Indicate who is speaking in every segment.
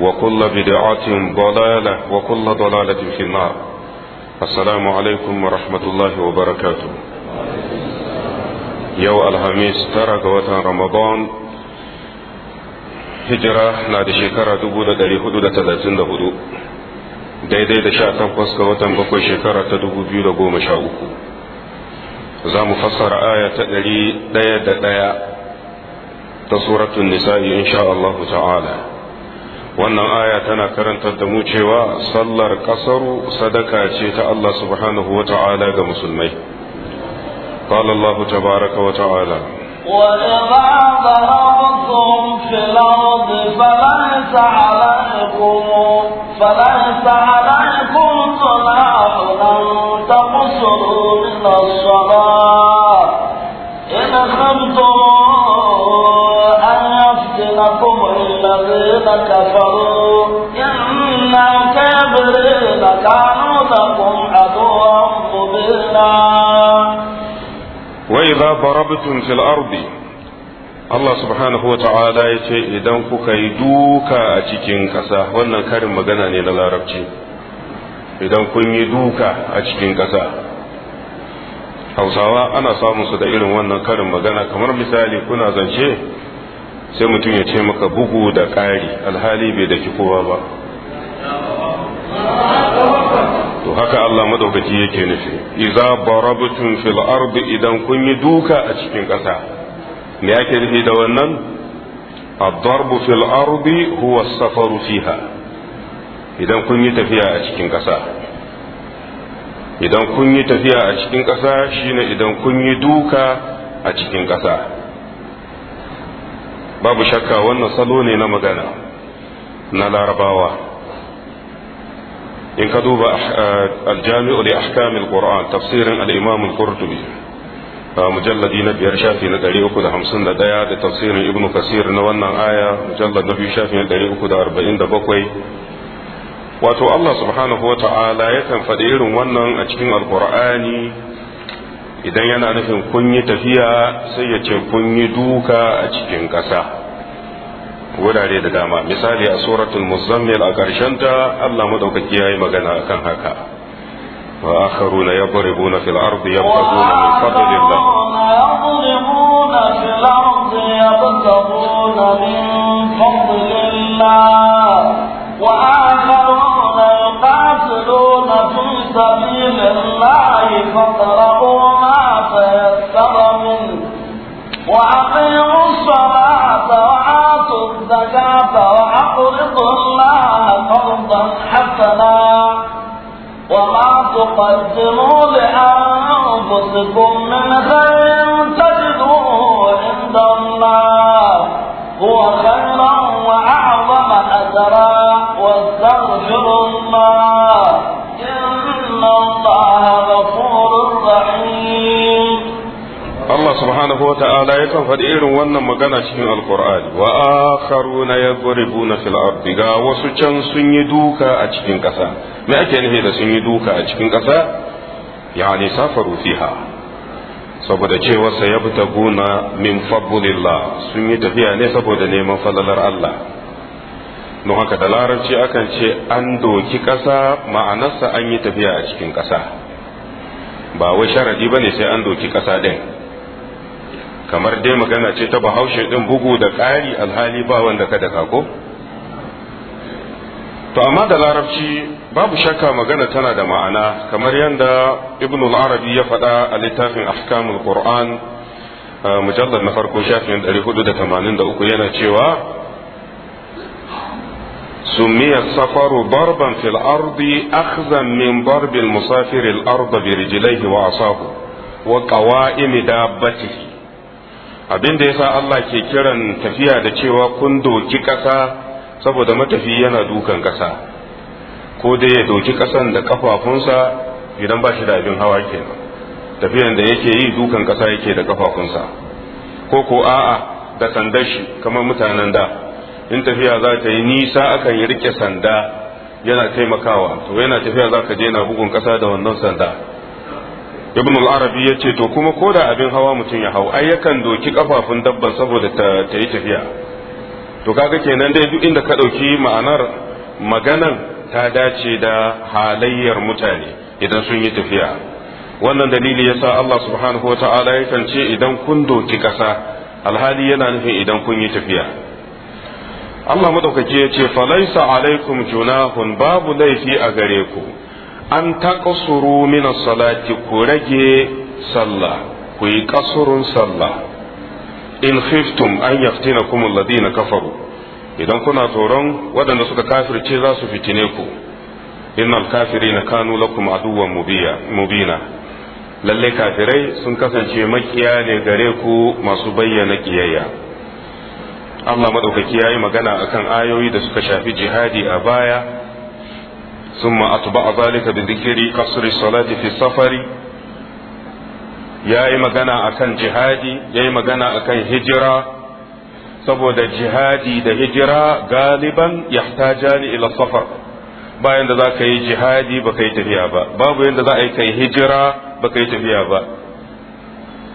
Speaker 1: وكل بدعة ضلالة وكل ضلالة في النار السلام عليكم ورحمة الله وبركاته يو الهميس ترى وطن رمضان هجرة نادي شكرة دبودة داري حدودة تلاتين دهدو daidai da sha takwas ga watan bakwai shekara ta dubu biyu da goma sha uku za mu fassara aya ta ɗari ɗaya da ɗaya ta suratun nisa'i insha Allah ta'ala wannan aya tana karantar da mu cewa sallar kasaru sadaka ce ta Allah subhanahu wa ta'ala ga musulmai قال الله تبارك وتعالى
Speaker 2: وإذا ضربتم في الأرض فليس عليكم فليس عليكم جناح أن تقصروا من الصلاة Wai كفروا إن الكافرين
Speaker 1: كانوا لكم Allah subhanahu wa ta'ala ya ce idan kuka yi duka a cikin ƙasa wannan karin magana ne na larabci idan kun yi duka a cikin ƙasa hausawa ana samun su da irin wannan karin magana kamar misali kuna zance sai mutum ya ce maka bugu da ƙari alhali bai daki kowa ba to haka Allah madaukaki yake nufi iza barabtum fil ardi idan kun yi duka a cikin ƙasa me yake nufi da wannan ad-darbu fil ardi huwa safaru fiha idan kun yi tafiya a cikin ƙasa idan kun yi tafiya a cikin ƙasa shine idan kun yi duka a cikin ƙasa babu shakka wannan salo ne na magana na larabawa in ka duba eh, aljami'u li ahkamil qur'an tafsirin al-imam al-qurtubi eh, mujalladi na biyar shafi na ɗari uku da hamsin da ɗaya da tafsirin ibn kasir na wannan aya mujallad na biyu shafi na ɗari uku da arba'in da bakwai wato allah subhanahu wa ta'ala yakan faɗi irin wannan a cikin alkur'ani idan yana nufin kun yi tafiya sai ya ce kun yi duka a cikin ƙasa wurare da dama misali a suratul muzammil a ta Allah madaukaki yayi magana akan haka wa akharuna yadribuna fil ardi yabtaguna min fadlillah
Speaker 2: yadribuna fil ardi yabtaguna min fadlillah wa akharuna yuqatiluna وأقيموا الصلاة وآتوا الزكاة وأقرضوا الله قرضا حسنا وما تقدموا لأنفسكم من خير تجدوه عند الله هو خيرا وأعظم أجرا واستغفروا الله إن الله غفور
Speaker 1: subhanahu wa ta'ala yakan faɗi irin wannan magana cikin alkur'ani wa akharuna yadribuna fil ardi ga wasu can sun yi duka a cikin ƙasa me ake nufi da sun yi duka a cikin ƙasa yani safaru fiha saboda cewa sa yabtaguna min fadlillah sun yi tafiya ne saboda neman falalar Allah don haka da larabci akan ce an doki ƙasa ma'anarsa an yi tafiya a cikin ƙasa ba wai sharadi ne sai an doki ƙasa ɗin kamar dai magana ce ta bahaushe din bugu da ƙari alhali ba wanda ka da ko to amma da larabci babu shakka magana tana da ma'ana kamar yadda ibn al-arabi ya faɗa a littafin ahkamul qur'an mujallar na farko shafin 483 yana cewa سمي السفر ضربا في الأرض أخذا من ضرب المسافر الأرض برجليه وعصاه وقوائم دابته abin da yasa Allah ke kiran tafiya da cewa kun doki ƙasa saboda matafi yana dukan ƙasa ko dai ya doki ƙasan da kafafunsa idan ba shi da abin hawa kenan tafiyan da yake yi dukan ƙasa yake da kafafunsa ko ko a'a da sandar shi kamar mutanen da in tafiya za ta yi nisa akan yi rike sanda yana taimakawa to yana tafiya za ka je na bugun ƙasa da wannan sanda ibn al-arabi ya ce to kuma ko da abin hawa mutum ya hau ai yakan doki kafafun dabban saboda ta yi tafiya to kaga kenan dai duk inda ka ɗauki ma'anar maganan ta dace da halayyar mutane idan sun yi tafiya wannan dalili yasa Allah subhanahu wata'ala ya kance idan kun doki kasa alhali yana nufin idan kun yi tafiya Allah madaukake ya ce falaisa alaikum junahun babu laifi a gare ku an suru mina salati ku rage sallah ku yi kasurun sallah in khiftum an yaftinakum na kafaru idan kuna tsoron waɗanda suka kafirce za su fitine ku alkafiri na kanu lakum aduwwan mubina lalle kafirai sun kasance makiya ne gare ku masu bayyana kiyayya Allah maɗaukaki ya yi magana akan ayoyi da suka shafi jihadi a baya ثم أتبع ذلك بذكر قصر الصلاة في السفر ya yi magana a kan jihadi ya yi magana a kan hijira saboda jihadi da hijira galiban ya tajani ila safar bayan da za ka yi jihadi ba ka yi tafiya ba babu yadda za a yi kai hijira ba ka yi tafiya ba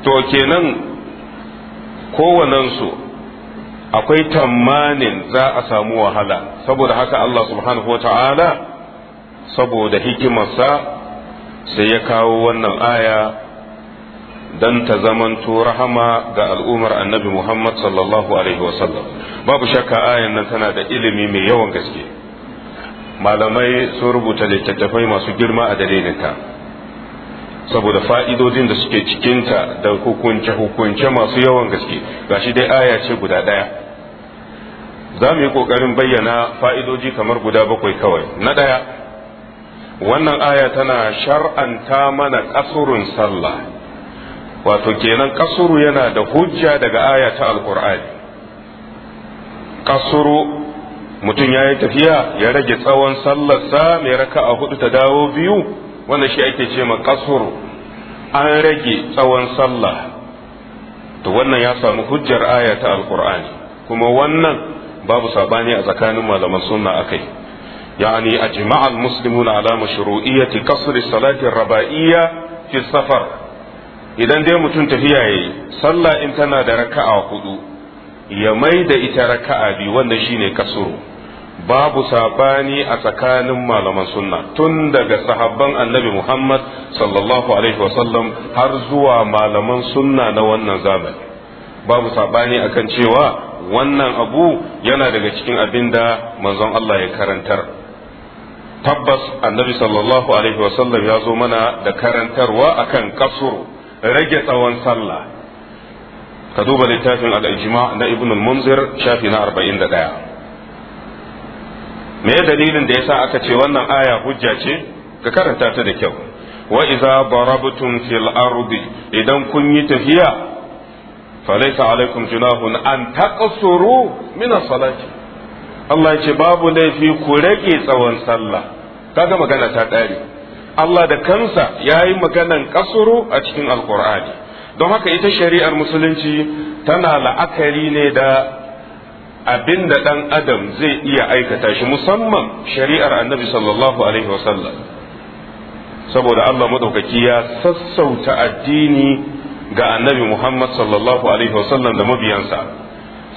Speaker 1: to kenan kowanensu akwai tamanin za a samu wahala saboda haka Allah subhanahu wa ta'ala saboda hikimarsa sai ya kawo wannan aya dan ta zamanto rahama ga al'ummar annabi Muhammad sallallahu Alaihi wasallam babu shakka ayan nan tana da ilimi mai yawan gaske malamai sun rubuta littattafai masu girma a dalilinta saboda fa'idodin da suke cikinta da hukunce-hukunce masu yawan gaske gashi dai aya ce guda ɗaya za mu yi ƙoƙarin bayyana fa'idoji kamar guda bakwai kawai na ɗaya wannan aya tana shar'anta mana kasurun sallah wato kenan kasuru yana da hujja daga aya ta alkur'ani kasuru mutum ya yi tafiya ya rage tsawon sallarsa mai raka a hudu ta dawo biyu wannan shi ake ce ma kasuru an rage tsawon sallah to wannan ya samu hujjar aya ta alkur'ani kuma wannan babu sabani a tsakanin malaman sunna akai يعني أجمع المسلمون على مشروعية قصر الصلاة الربائية في السفر idan dai mutum tafiya ya yi sallah in tana da raka'a hudu ya mai da ita raka'a biyu wannan shine kasuru babu sabani a tsakanin malaman sunna tun daga sahabban annabi muhammad sallallahu alaihi wasallam har zuwa malaman sunna na wannan zamani babu sabani akan cewa wannan abu yana daga cikin abin da manzon Allah ya karantar tabbas annabi sallallahu alaihi wasallam ya zo mana da karantarwa akan kasuru rage tsawon sallah ka duba littafin al-ijma na ibn al-munzir shafi na 41 me dalilin da yasa aka ce wannan aya hujja ce ka karanta ta da kyau wa idza darabtum fil ardi idan kun yi tafiya falaysa alaikum junahun an taqsuru min as-salati Allah ya ce babu laifi ku rage tsawon sallah kaga magana ta ɗari Allah da kansa ya yi maganan kasuru a cikin alkur'ani don haka ita shari'ar musulunci tana la'akari ne da abin da ɗan adam zai iya aikata shi musamman shari'ar annabi sallallahu alaihi wasallam saboda Allah maɗaukaki ya sassauta addini ga annabi Muhammad sallallahu alaihi wasallam da mabiyansa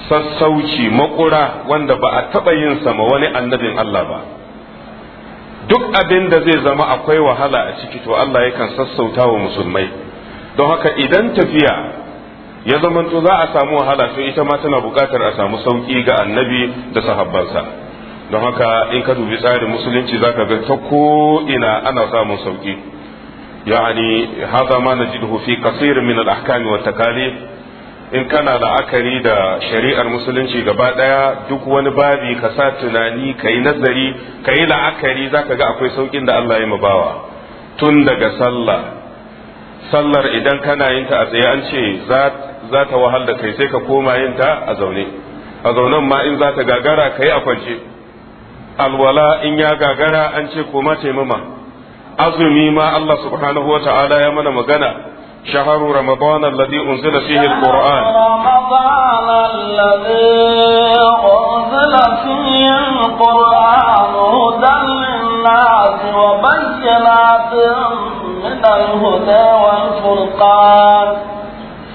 Speaker 1: sassauci makura wanda ba a taɓa yin ma wani annabin Allah ba duk abin da zai zama akwai wahala a ciki to Allah yakan sassauta wa musulmai don haka idan tafiya ya zamanto za a samu wahala to ita ma tana buƙatar a samu sauƙi ga annabi da sahabbansa don haka in ka dubi tsarin musulunci za ka ga ta ko ina ana samun sauki yani haza ma najiduhu fi kasir min al-ahkami wa takalif in kana la'akari da shari'ar musulunci gaba ɗaya duk wani babi ka sa tunani ka yi nazari ka yi la'akari za ka ga akwai saukin da Allah ya bawa tun daga sallah sallar idan kana yin ta a tsaye an ce za ta wahal da kai sai ka koma yinta ta a zaune a zaunen ma in za ta gagara ka yi a kwance alwala in ya gagara an ce koma taimama azumi ma Allah subhanahu wa ya mana magana شهر رمضان الذي أنزل فيه القرآن
Speaker 2: رمضان الذي أنزل فيه القرآن هدى للناس وبينات من الهدى والفرقان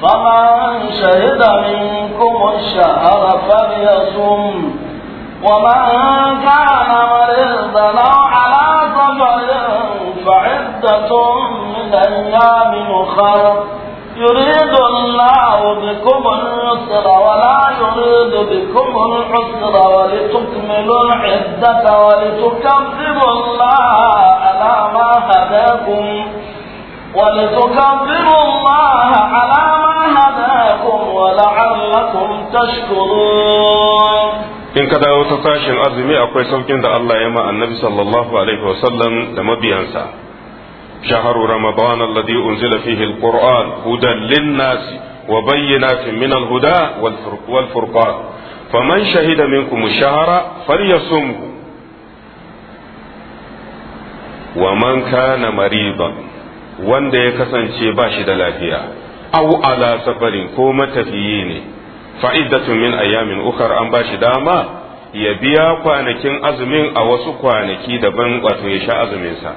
Speaker 2: فمن شهد منكم الشهر فليصم ومن كان مريضا من خلق يريد الله بكم اليسر ولا يريد بكم العسر ولتكملوا العدة ولتكبروا الله على ما هداكم ولتكبروا الله على ما هداكم ولعلكم تشكرون
Speaker 1: in ka dawo ta sashin azumi akwai saukin da Allah ya ma annabi sallallahu alaihi wasallam da mabiyansa شهر رمضان الذي أنزل فيه القرآن هدى للناس وبينات من الهدى والفرقان فمن شهد منكم الشهر فليصمه ومن كان مريضا wanda ya kasance ba shi da lafiya au ala safarin ko matafiyi ne fa'idatu min ayyamin ukar an ba shi dama ya biya kwanakin azumin a wasu kwanaki daban wato ya sha azuminsa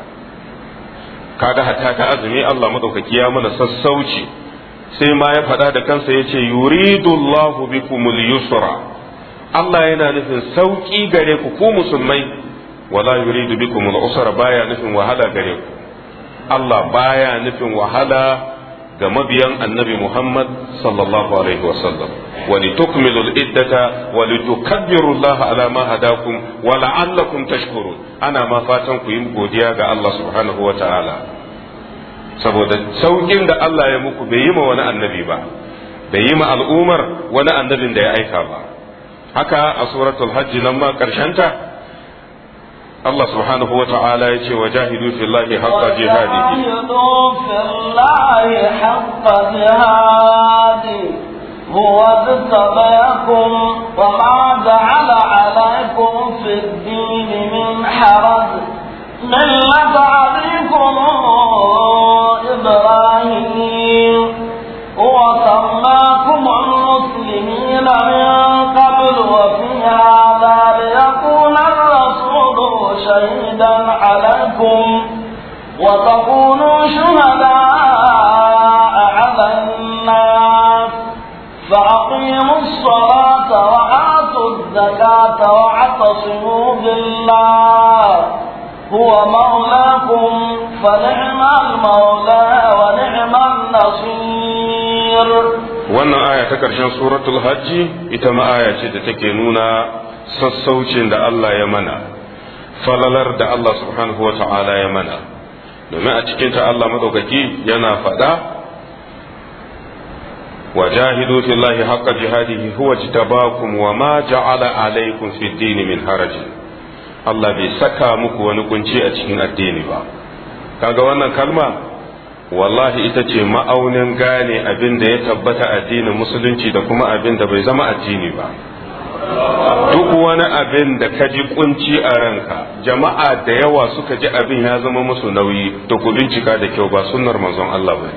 Speaker 1: kaga hatta ta azumi Allah madaukaki ya mana sassauci sai ma ya faɗa da kansa ya ce yuridullahu bikumul yusra Allah yana nufin sauƙi gare ku ku musulmai wala yuridu bikumul usra baya nufin wahala gare ku Allah baya nufin wahala ga mabiyan annabi Muhammad sallallahu alaihi wasallam wa li tukmilu al-iddata wa li tukabbiru Allah ala ma hadakum wa la'allakum tashkurun ana ma fatan ku yi godiya ga Allah subhanahu wa ta'ala saboda saukin da Allah ya muku bai yi ma wani annabi ba bai yi ma al'umar wani annabin da ya aika ba haka a suratul hajji nan ma karshenta الله سبحانه وتعالى يجي وجاهدوا في الله حق جهاده
Speaker 2: وجاهدوا في الله حق جهاده هو ابتغيكم وما جعل عليكم في الدين من حرج من ملة عليكم شهداء على الناس فأقيموا الصلاة وآتوا الزكاة واعتصموا بالله هو مولاكم فنعم المولى ونعم النصير
Speaker 1: wannan aya ta ƙarshen suratul hajji ita ma aya ce da take nuna sassaucin da Allah ya mana falalar da Allah subhanahu wa ta'ala ya mana domin a cikinta Allah maɗaukaki yana faɗa wa jahidu fillahi haqqa jihadihi huwa jitabakum wa ma ja'ala alaykum fi dini min haraji Allah bai saka muku wani kunci a cikin addini ba kaga wannan kalma wallahi ita ce ma'aunin gane abin da ya tabbata addinin musulunci da kuma abin da bai zama addini ba duk wani abin da ka ji kunci a ranka jama'a da yawa suka ji abin ya zama musu nauyi da ku bincika da kyau ba sunnar manzon Allah ba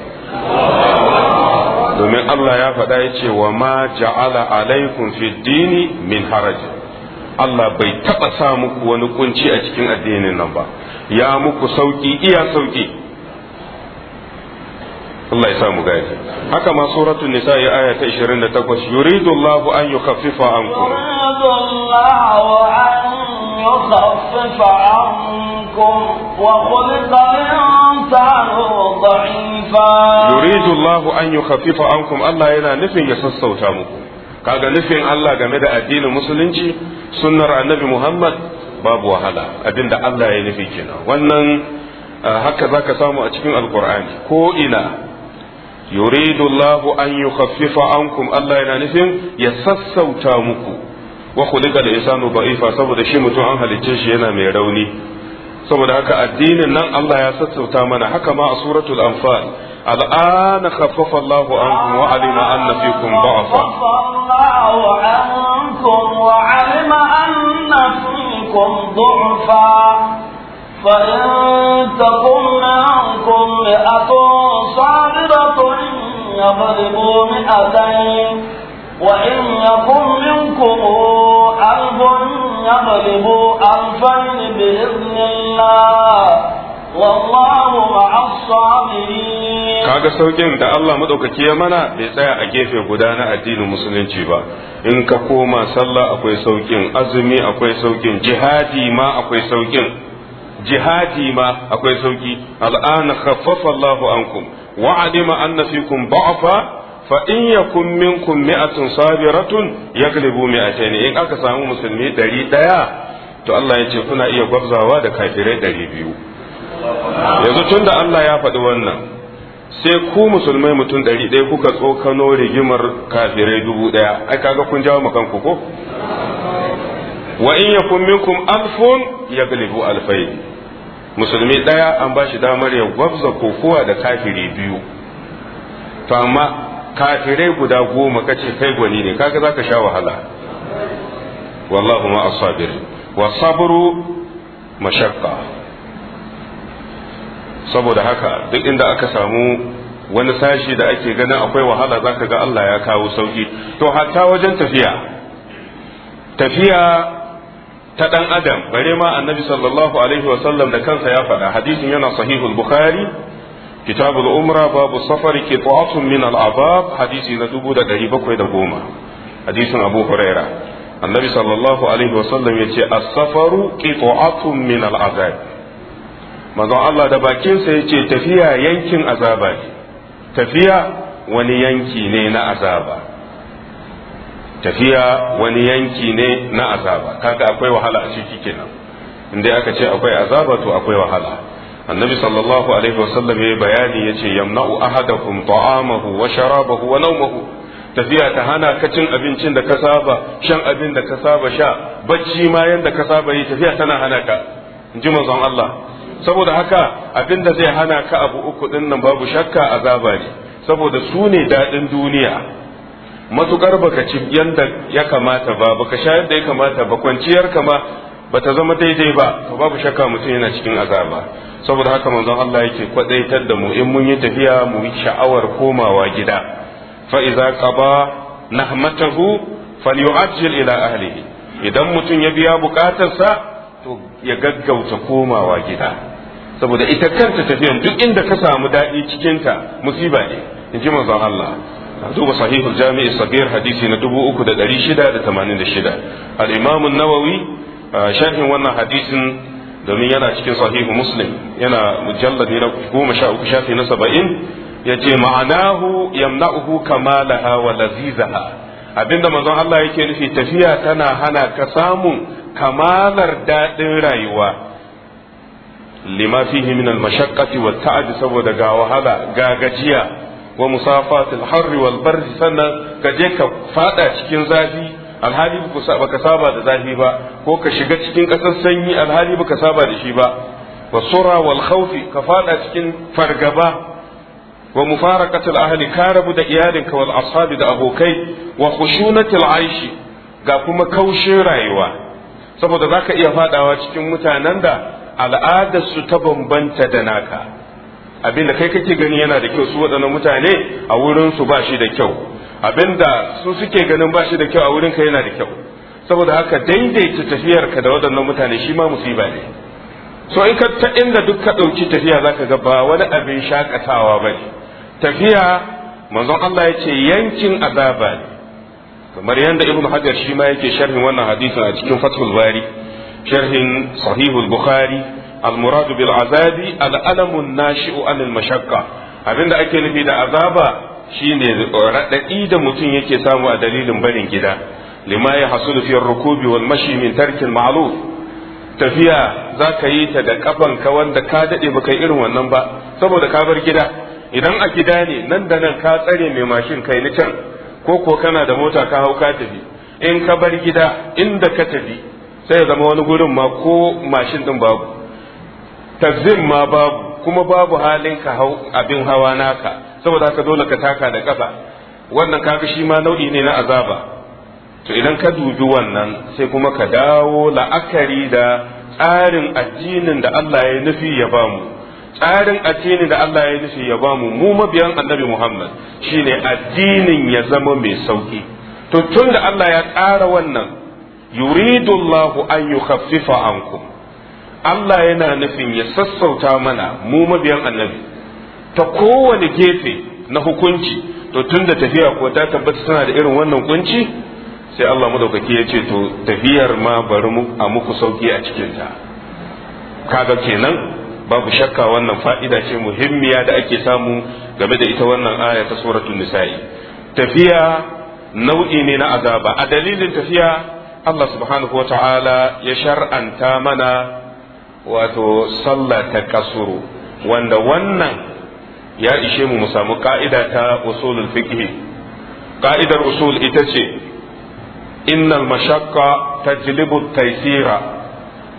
Speaker 1: domin Allah ya faɗa ya ce wa ma ja'ala alaikum fi dini min haraj Allah bai taɓa sa muku wani kunci a cikin addinin nan ba ya muku sauki iya sauki Allah ya sa mu gani haka ma suratul nisa ya aya ta 28 yuridu allahu an yukhaffifa ankum
Speaker 2: yuridu allahu an yukhaffifa ankum wa khuliqa al-insanu dha'ifa yuridu
Speaker 1: allahu an yukhaffifa ankum Allah yana nufin ya sassauta muku kaga nufin Allah game da addinin musulunci sunnar annabi Muhammad babu wahala abinda Allah ya nufi kenan wannan ah, haka zaka samu a cikin alqur'ani ko ina yuridu Allah an yukhaffifa ankum Allah yana nufin ya sassauta muku wa khuliqa al-insanu da'ifa saboda shi mutum an halicce shi yana mai rauni saboda haka addinin nan Allah ya sassauta mana haka ma a suratul anfal الآن خفف الله عنكم وعلم أن فيكم ضعفا
Speaker 2: الله عنكم وعلم أن فإن تكن منكم مئة صابرة يغلبوا مئتين وإن يكن منكم ألف يغلبوا ألفين بإذن الله
Speaker 1: kaga saukin da Allah madaukaki ya mana bai tsaya a gefe guda na addinin musulunci ba in ka koma sallah akwai saukin azumi akwai saukin jihadi ma akwai saukin jihadi ma akwai sauki al'ana khaffafa Allahu ankum wa alima anna fikum da'fa fa in yakun minkum mi'atun sabiratun yaglibu mi'atayn in aka samu musulmi ɗari ɗaya to Allah ya ce kuna iya gwabzawa da kafirai ɗari biyu yanzu tun da Allah ya faɗi wannan sai ku musulmai mutum ɗari ɗaya kuka tsokano rigimar kafirai dubu ɗaya ai kaga kun jawo makan ku ko wa in yakun minkum alfun yaglibu alfayn musulmi ɗaya an ba shi damar ya gwabza kokowa da kafiri biyu to amma kafirai guda goma kace kai gwani ne kaga zaka sha wahala wallahu ma asabir wa sabru mashaqqa saboda haka duk inda aka samu wani sashi da ake ganin akwai wahala zaka ga Allah ya kawo sauki to hatta wajen tafiya tafiya ta ɗan adam bare ma annabi sallallahu alaihi wasallam da kansa ya faɗa hadisin yana sahihul bukhari kitabul umra babu safari qitatun min al-azab hadisi na goma hadisin abu huraira annabi sallallahu alaihi wasallam yace as-safaru qitatun min al-azab manzon Allah da bakinsa ya ce tafiya yankin azaba tafiya wani yanki ne na azaba tafiya wani yanki ne na azaba kaga akwai wahala a ciki kenan inda aka ce akwai azaba to akwai wahala annabi sallallahu alaihi wasallam ya bayani yace yamna'u ahadakum ta'amahu wa sharabahu wa nawmahu tafiya ta hana ka cin abincin da ka saba shan abin da ka saba sha bacci ma yanda ka saba yi tafiya tana hana ka ji manzon Allah saboda haka abin da zai hana ka abu uku din nan babu shakka azaba ne saboda su ne dadin duniya matukar baka ci yadda ya kamata ba baka sha yadda ya kamata ba kwanciyar ba bata zama daidai ba to babu shakka mutum yana cikin azaba saboda haka manzon Allah yake kwadaitar da mu in mun yi tafiya mu yi sha'awar komawa gida fa iza qaba nahmatahu falyu'ajjil ila ahlihi idan mutum ya biya bukatarsa to ya gaggauta komawa gida saboda ita kanta tafiyan duk inda ka samu daɗi cikinta musiba ne in ji manzon Allah duba sahihul jami'i sabir hadisi na tamanin da shida an-nawawi sharhin wannan hadisin domin yana cikin sahihu muslim yana mujallar na goma sha uku shafi na saba'in ya ce ma'anahu yamna'uhu kamalaha wa lazizaha abinda manzon Allah yake nufi tafiya tana hana ka samun kamalar daɗin rayuwa lima fihi min al-mashaqqati wa ta'ab saboda ga wahala ga gajiya wa musafatil harri wal barri sannan ka je ka fada cikin zafi alhali baka saba da zafi ba ko ka shiga cikin kasar sanyi alhali baka saba da shi ba wa sura wal khawfi ka fada cikin fargaba wa mufaraqatil ahli ka rabu da iyalinka wal ashabi da abokai wa khushunatil aishi ga kuma kaushe rayuwa saboda zaka iya fadawa cikin mutanen da al'adarsu ta bambanta da naka abin da kai kake gani yana da kyau su waɗannan mutane a wurin su ba shi da kyau abinda su suke ganin ba shi da kyau a wurin ka yana da kyau saboda haka daidaita tafiyar ka da waɗannan mutane shi ma musiba ne so in ka ta inda duk ka ɗauki tafiya zaka ga ba wani abin shakatawa ba ne tafiya manzon Allah ya ce yankin azaba kamar yanda ibn hajar shi ma yake sharhin wannan hadisin a cikin fathul bari sharhin sahihul bukhari المراد بالعذاب bil azabi عن alamun nashi'u anil abinda ake nufi da azaba shine radadi da mutum yake samu a dalilin barin gida lima ya hasulu fi rukubi wal mashi min tafiya za ka yi ta da ka wanda ka daɗe kai irin wannan ba saboda ka bar gida idan a gida ne nan da nan ka tsare mai mashin kai ni can ko ko kana da mota ka hau ka tafi in ka bar gida inda ka tafi sai ya zama wani gurin ma ko mashin din babu tazim ma babu kuma babu halin ka hau abin hawa naka saboda haka dole ka taka da ƙasa wannan kaga shi ma nau'i ne na azaba to idan ka dubi wannan sai kuma ka dawo la'akari da tsarin addinin da Allah ya nufi ya bamu tsarin addinin da Allah ya nufi ya bamu mu mabiyan annabi Muhammad shine addinin ya zama mai sauki to tun Allah ya ƙara wannan yuridullahu an yukhaffifa ankum Allah yana nufin ya sassauta mana mu mabiyan annabi ta kowane gefe na hukunci to tunda tafiya ko ta tabbata tana da irin wannan kunci sai Allah madaukaki ya ce to tafiyar ma bari mu a muku sauki a cikin ta kaga kenan babu shakka wannan fa'ida ce muhimmiya da ake samu game da ita wannan aya ta suratul nisa'i tafiya nau'i ne na azaba a dalilin tafiya Allah subhanahu wa ta'ala ya shar'anta mana wato sallah ta kasuru wanda wannan ya ishe mu mu samu ka'ida ta usulul fiqh ka'idar usul ita ce innal mashaqqa tajlibu taysira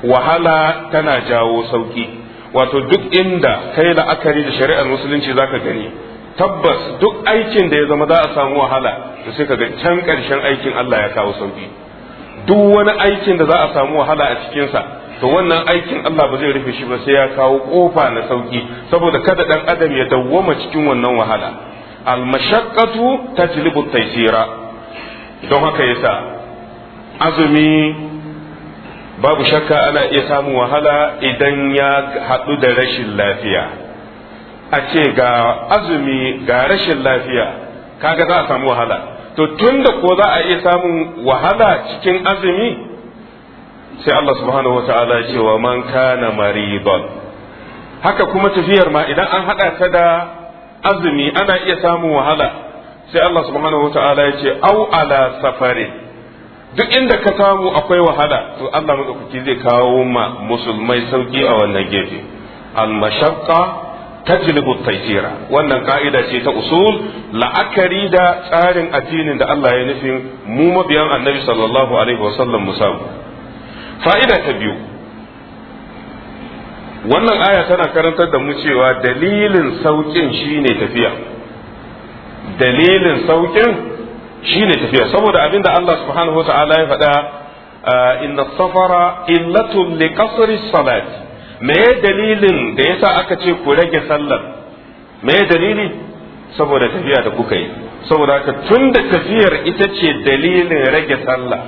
Speaker 1: wahala tana jawo sauki wato duk inda kai la'akari da shari'ar musulunci zaka gani tabbas duk aikin da ya zama za a samu wahala to sai ka ga can ƙarshen aikin Allah ya kawo sauki duk wani aikin da za a samu wahala a cikinsa to wannan aikin Allah ba zai rufe shi ba sai ya kawo kofa na sauki saboda kada dan adam ya dawwama cikin wannan wahala al mashaqqatu tajlibu taysira don haka yasa azumi babu shakka ana iya samun wahala idan ya haɗu da rashin lafiya a ce ga azumi ga rashin lafiya kaga za a samu wahala to tunda ko za a iya samun wahala cikin azumi sai Allah subhanahu wa ta'ala ya ce wa man kana maridan haka kuma tafiyar ma idan an hada ta da azumi ana iya samun wahala sai Allah subhanahu wa ta'ala ya ce au ala safari duk inda ka samu akwai wahala to Allah madaukaki zai kawo ma musulmai sauki a wannan gefe al mashaqqa tajlibu taysira wannan ka'ida ce ta usul la'akari da tsarin addinin da Allah ya nufin mu mabiyan annabi sallallahu alaihi wasallam musamu fa'ida ta biyu wannan aya tana karantar da mu cewa dalilin saukin shine tafiya dalilin saukin shine tafiya saboda abin da Allah subhanahu wa ta'ala ya faɗa inna safara illatun li salati me dalilin da yasa aka ce ku rage sallar me dalili saboda tafiya da kuka yi saboda haka tun da tafiyar ita ce dalilin rage sallah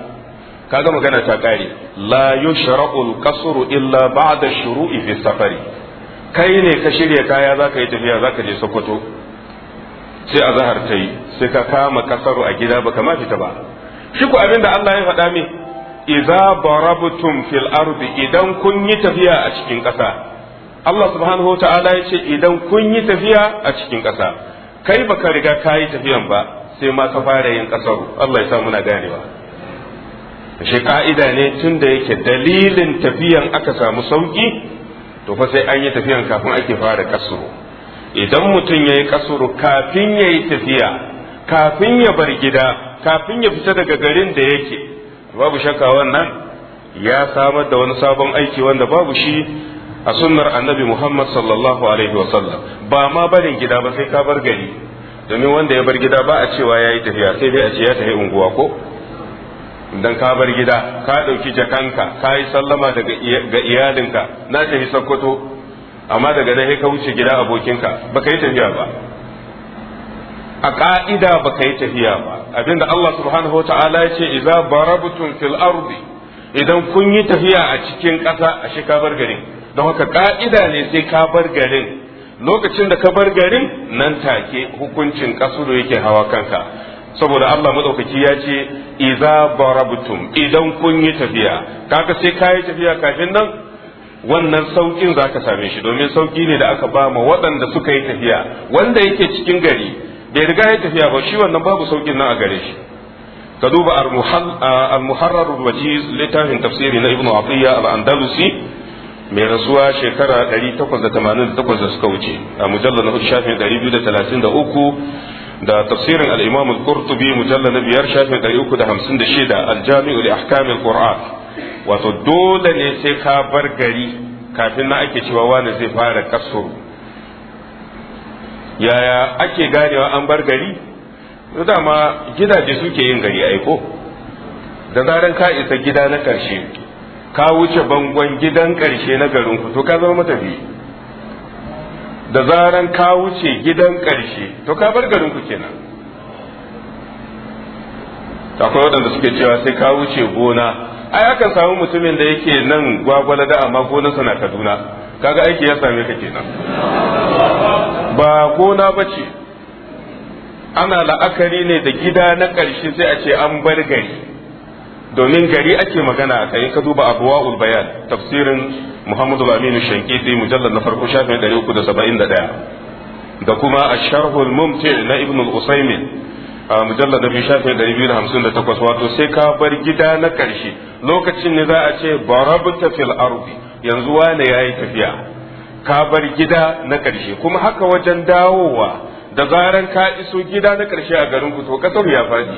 Speaker 1: kaga magana ta kare la yushra'ul al-qasru illa ba'da shuru'i fi safari kai ne ka shirya kaya zaka yi tafiya zaka je Sokoto sai azhar ta yi sai ka kama kasaru a gida baka ma fita ba shi ku abinda Allah ya faɗa min idza barabtum fil ardi idan kun yi tafiya a cikin ƙasa Allah subhanahu wataala ya idan kun yi tafiya a cikin ƙasa kai baka riga ka yi tafiyan ba sai ma ka fara yin ƙasaru Allah ya sa muna ganewa shi ka'ida ne tun da yake dalilin tafiyan aka samu sauki to fa sai an yi tafiyan kafin ake fara ƙasuru idan mutum ya yi kafin ya yi tafiya kafin ya bar gida kafin ya fita daga garin da yake babu shakka wannan ya samar da wani sabon aiki wanda babu shi a sunnar annabi Muhammad sallallahu alaihi wa sallam ba ma barin gida ba sai ka bar gari domin wanda ya bar gida ba a cewa yayi tafiya sai dai a ce ya tafi unguwa ko dan ka bar gida ka ɗauki jakanka ka yi sallama daga ga iyalinka na tafi Sokoto amma daga nan ka wuce gida abokinka baka yi tafiya ba a ka'ida baka yi tafiya ba Abin da Allah subhanahu wa ta'ala ya ce idza barabtum fil ardi idan kun yi tafiya a cikin ƙasa a shi ka bar garin don haka ka'ida ne sai ka bar garin lokacin da ka bar garin nan take hukuncin kasuru yake hawa kanka saboda Allah madaukaki ya ce idza barabtum idan kun yi tafiya kaga sai ka yi tafiya kafin nan wannan saukin zaka same shi domin sauki ne da aka ba ma waɗanda suka yi tafiya wanda yake cikin gari bai riga ya tafiya ba shi wannan babu saukin nan a gare shi ka duba al-muharrar wajiz littafin tafsiri na ibnu atiyya al-andalusi mai rasuwa shekara 1888 da suka wuce a mujallar na shafin 233 da tafsirin al-imam al-qurtubi mujallar na biyar shafin 356 al-jami'u li ahkam al-qur'an wato dole ne sai ka bar gari kafin na ake cewa wani zai fara kasuru yaya ake ganewa an bar gari dama gidaje suke yin gari aiko da zaran ka isa gida na karshe ka wuce bangon gidan karshe na garin ku to ka zama matafi da zaran ka wuce gidan karshe to ka bar garin ku kenan akwai waɗanda suke cewa sai ka wuce gona ai akan samu mutumin da yake nan da amma gonarsa na kaduna kaga aiki ya same ka kenan ba gona ba ce ana la'akari ne da gida na ƙarshe sai a ce an bar gari domin gari ake magana a kai ka duba abuwa'ul bayan tafsirin muhammadu aminu shankiti mujallar na farko shafin 371 da kuma a sharhul mumti na ibn al-usaimin a mujallar da biyu shafin 258 wato sai ka bar gida na ƙarshe lokacin ne za a ce barabta fil ardi yanzu wane ya yi tafiya ka bar gida na ƙarshe kuma haka wajen dawowa da zaran ka iso gida na ƙarshe a garin ku to kasar ya faɗi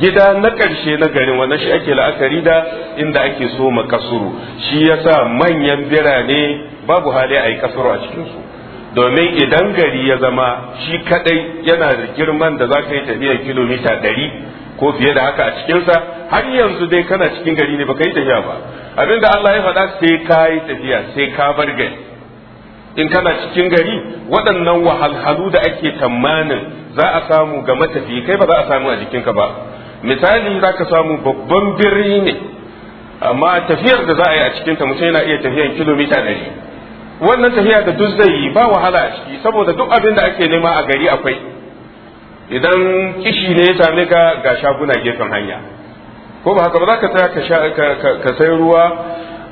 Speaker 1: gida na ƙarshe na garin wannan shi ake la'akari da inda ake so ma kasuru shi yasa manyan birane babu hali a yi kasuru a cikinsu domin idan gari ya zama shi kadai yana da girman da za ka yi tafiya kilomita ɗari ko fiye da haka a cikinsa har yanzu dai kana cikin gari ne baka yi tafiya ba abinda Allah ya faɗa sai ka yi tafiya sai ka bar gari in kana cikin gari waɗannan wahalhalu da ake tamanin za a samu ga matafi kai ba za a samu a jikinka ba misali za ka samu babban birni ne amma tafiyar da za a yi a cikinta mutum yana iya tafiyan kilomita ɗari wannan tafiya da duk zai yi ba wahala a ciki saboda duk abin da ake nema a gari akwai idan kishi ne ya same ka ga shaguna gefen hanya ko ba haka ba za ka ka sai ruwa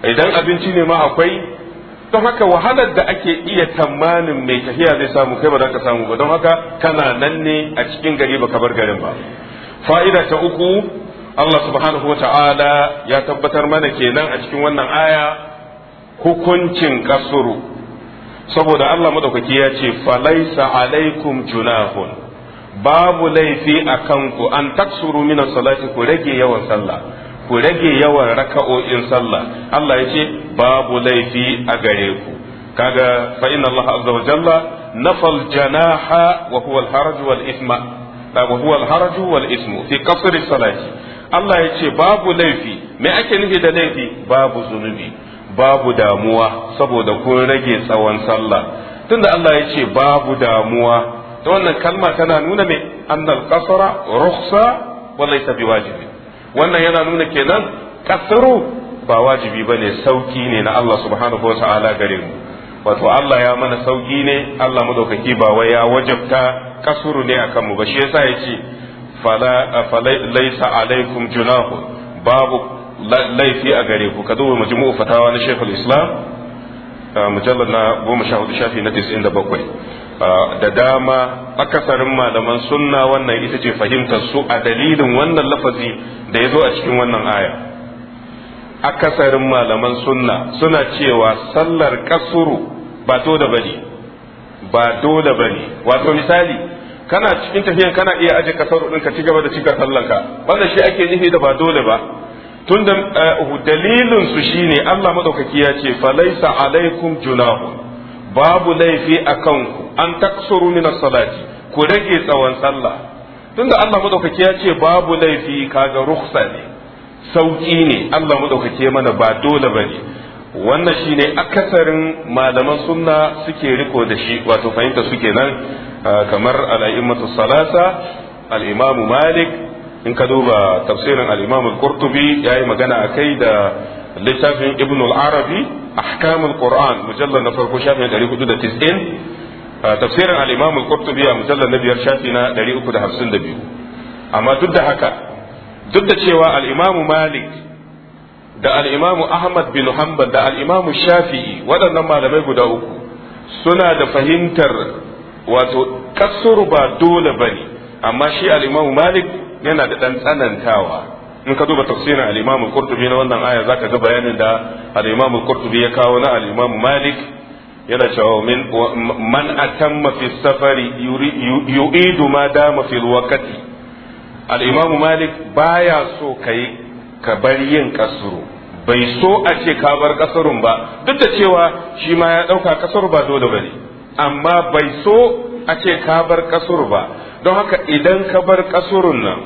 Speaker 1: idan abinci ne ma akwai don haka wahalar da ake iya tamanin mai tafiya zai samu kai ba za ka samu ba don haka kana nan ne a cikin gari ba ka bar garin ba fa'ida ta uku Allah subhanahu wa ya tabbatar mana kenan a cikin wannan aya hukuncin kasuru saboda Allah madaukaki ya ce falaisa alaikum junahun babu laifi a kanku an taksuru minan salati ku rage yawan sallah ku rage yawan raka'o'in sallah Allah ya ce babu laifi a gare ku kaga fa inna Allah azza wa jalla nafal janaha wa huwa al-haraj wal ithma wa huwa al-haraj wal ithmu fi qasr salati Allah ya ce babu laifi me ake nufi da laifi babu zunubi babu damuwa saboda kun rage tsawon sallah tunda Allah ya ce babu damuwa da wannan kalma tana nuna me annal qasara rukhsa wa laysa wannan yana nuna kenan kasaru ba wajibi bane sauki ne na Allah subhanahu wa ta'ala gare mu wato Allah ya mana sauki ne Allah madaukaki ba wai ya wajabta kasuru ne akan mu ba shi yasa yace fala laysa alaikum junahu babu laifi a gare ku ka duba majmu'u fatawa na Sheikhul Islam mujallad na 14 shafi na 97 da dama akasarin malaman sunna wannan ita ce fahimtar su a dalilin wannan lafazi da ya zo a cikin wannan aya akasarin malaman sunna suna cewa sallar kasuru ba dole bane ba dole bane wato misali kana cikin tafiyan kana iya aje kasuru ɗinka ci gaba da cika sallanka wannan shi ake nufi da ba dole ba tun da eh, dalilin su shine Allah madaukaki ya ce falaisa alaikum junahun babu laifi a kanku an taksuru min salati ku rage tsawon sallah tunda Allah madaukaki ya ce babu laifi kaga rukhsa ne sauki ne Allah maɗaukake mana ba dole bane wannan shine akasarin malaman sunna suke riko da shi wato fahimta suke nan ah, kamar al-a'immatu salasa al-imam malik in ka duba tafsirin al-imam al-qurtubi yayi magana akai da littafin ibn al-arabi ahkamul qur'an mujallal na farko shafin 490 tafsirin al-imam al-qurtubi a mujallal na biyar shafi na 352 amma duk da haka duk da cewa al-imam malik da al ahmad bin hanbal da al shafi'i waɗannan malamai guda uku suna da fahimtar wato kasuru ba dole bane amma shi al malik yana da dan tsanantawa in ka duba tafsirin al-Imam al-Qurtubi na wannan aya zaka ga bayanin da al-Imam al-Qurtubi ya kawo na al-Imam Malik yana cewa min man atamma fi safari yu'idu ma dama fi waqti al-Imam Malik baya so kai ka bar yin kasuru bai so a ce ka bar kasarun ba duk da cewa shi ma ya dauka kasar ba dole bane amma bai so a ce ka bar kasur ba don haka idan ka bar kasurun nan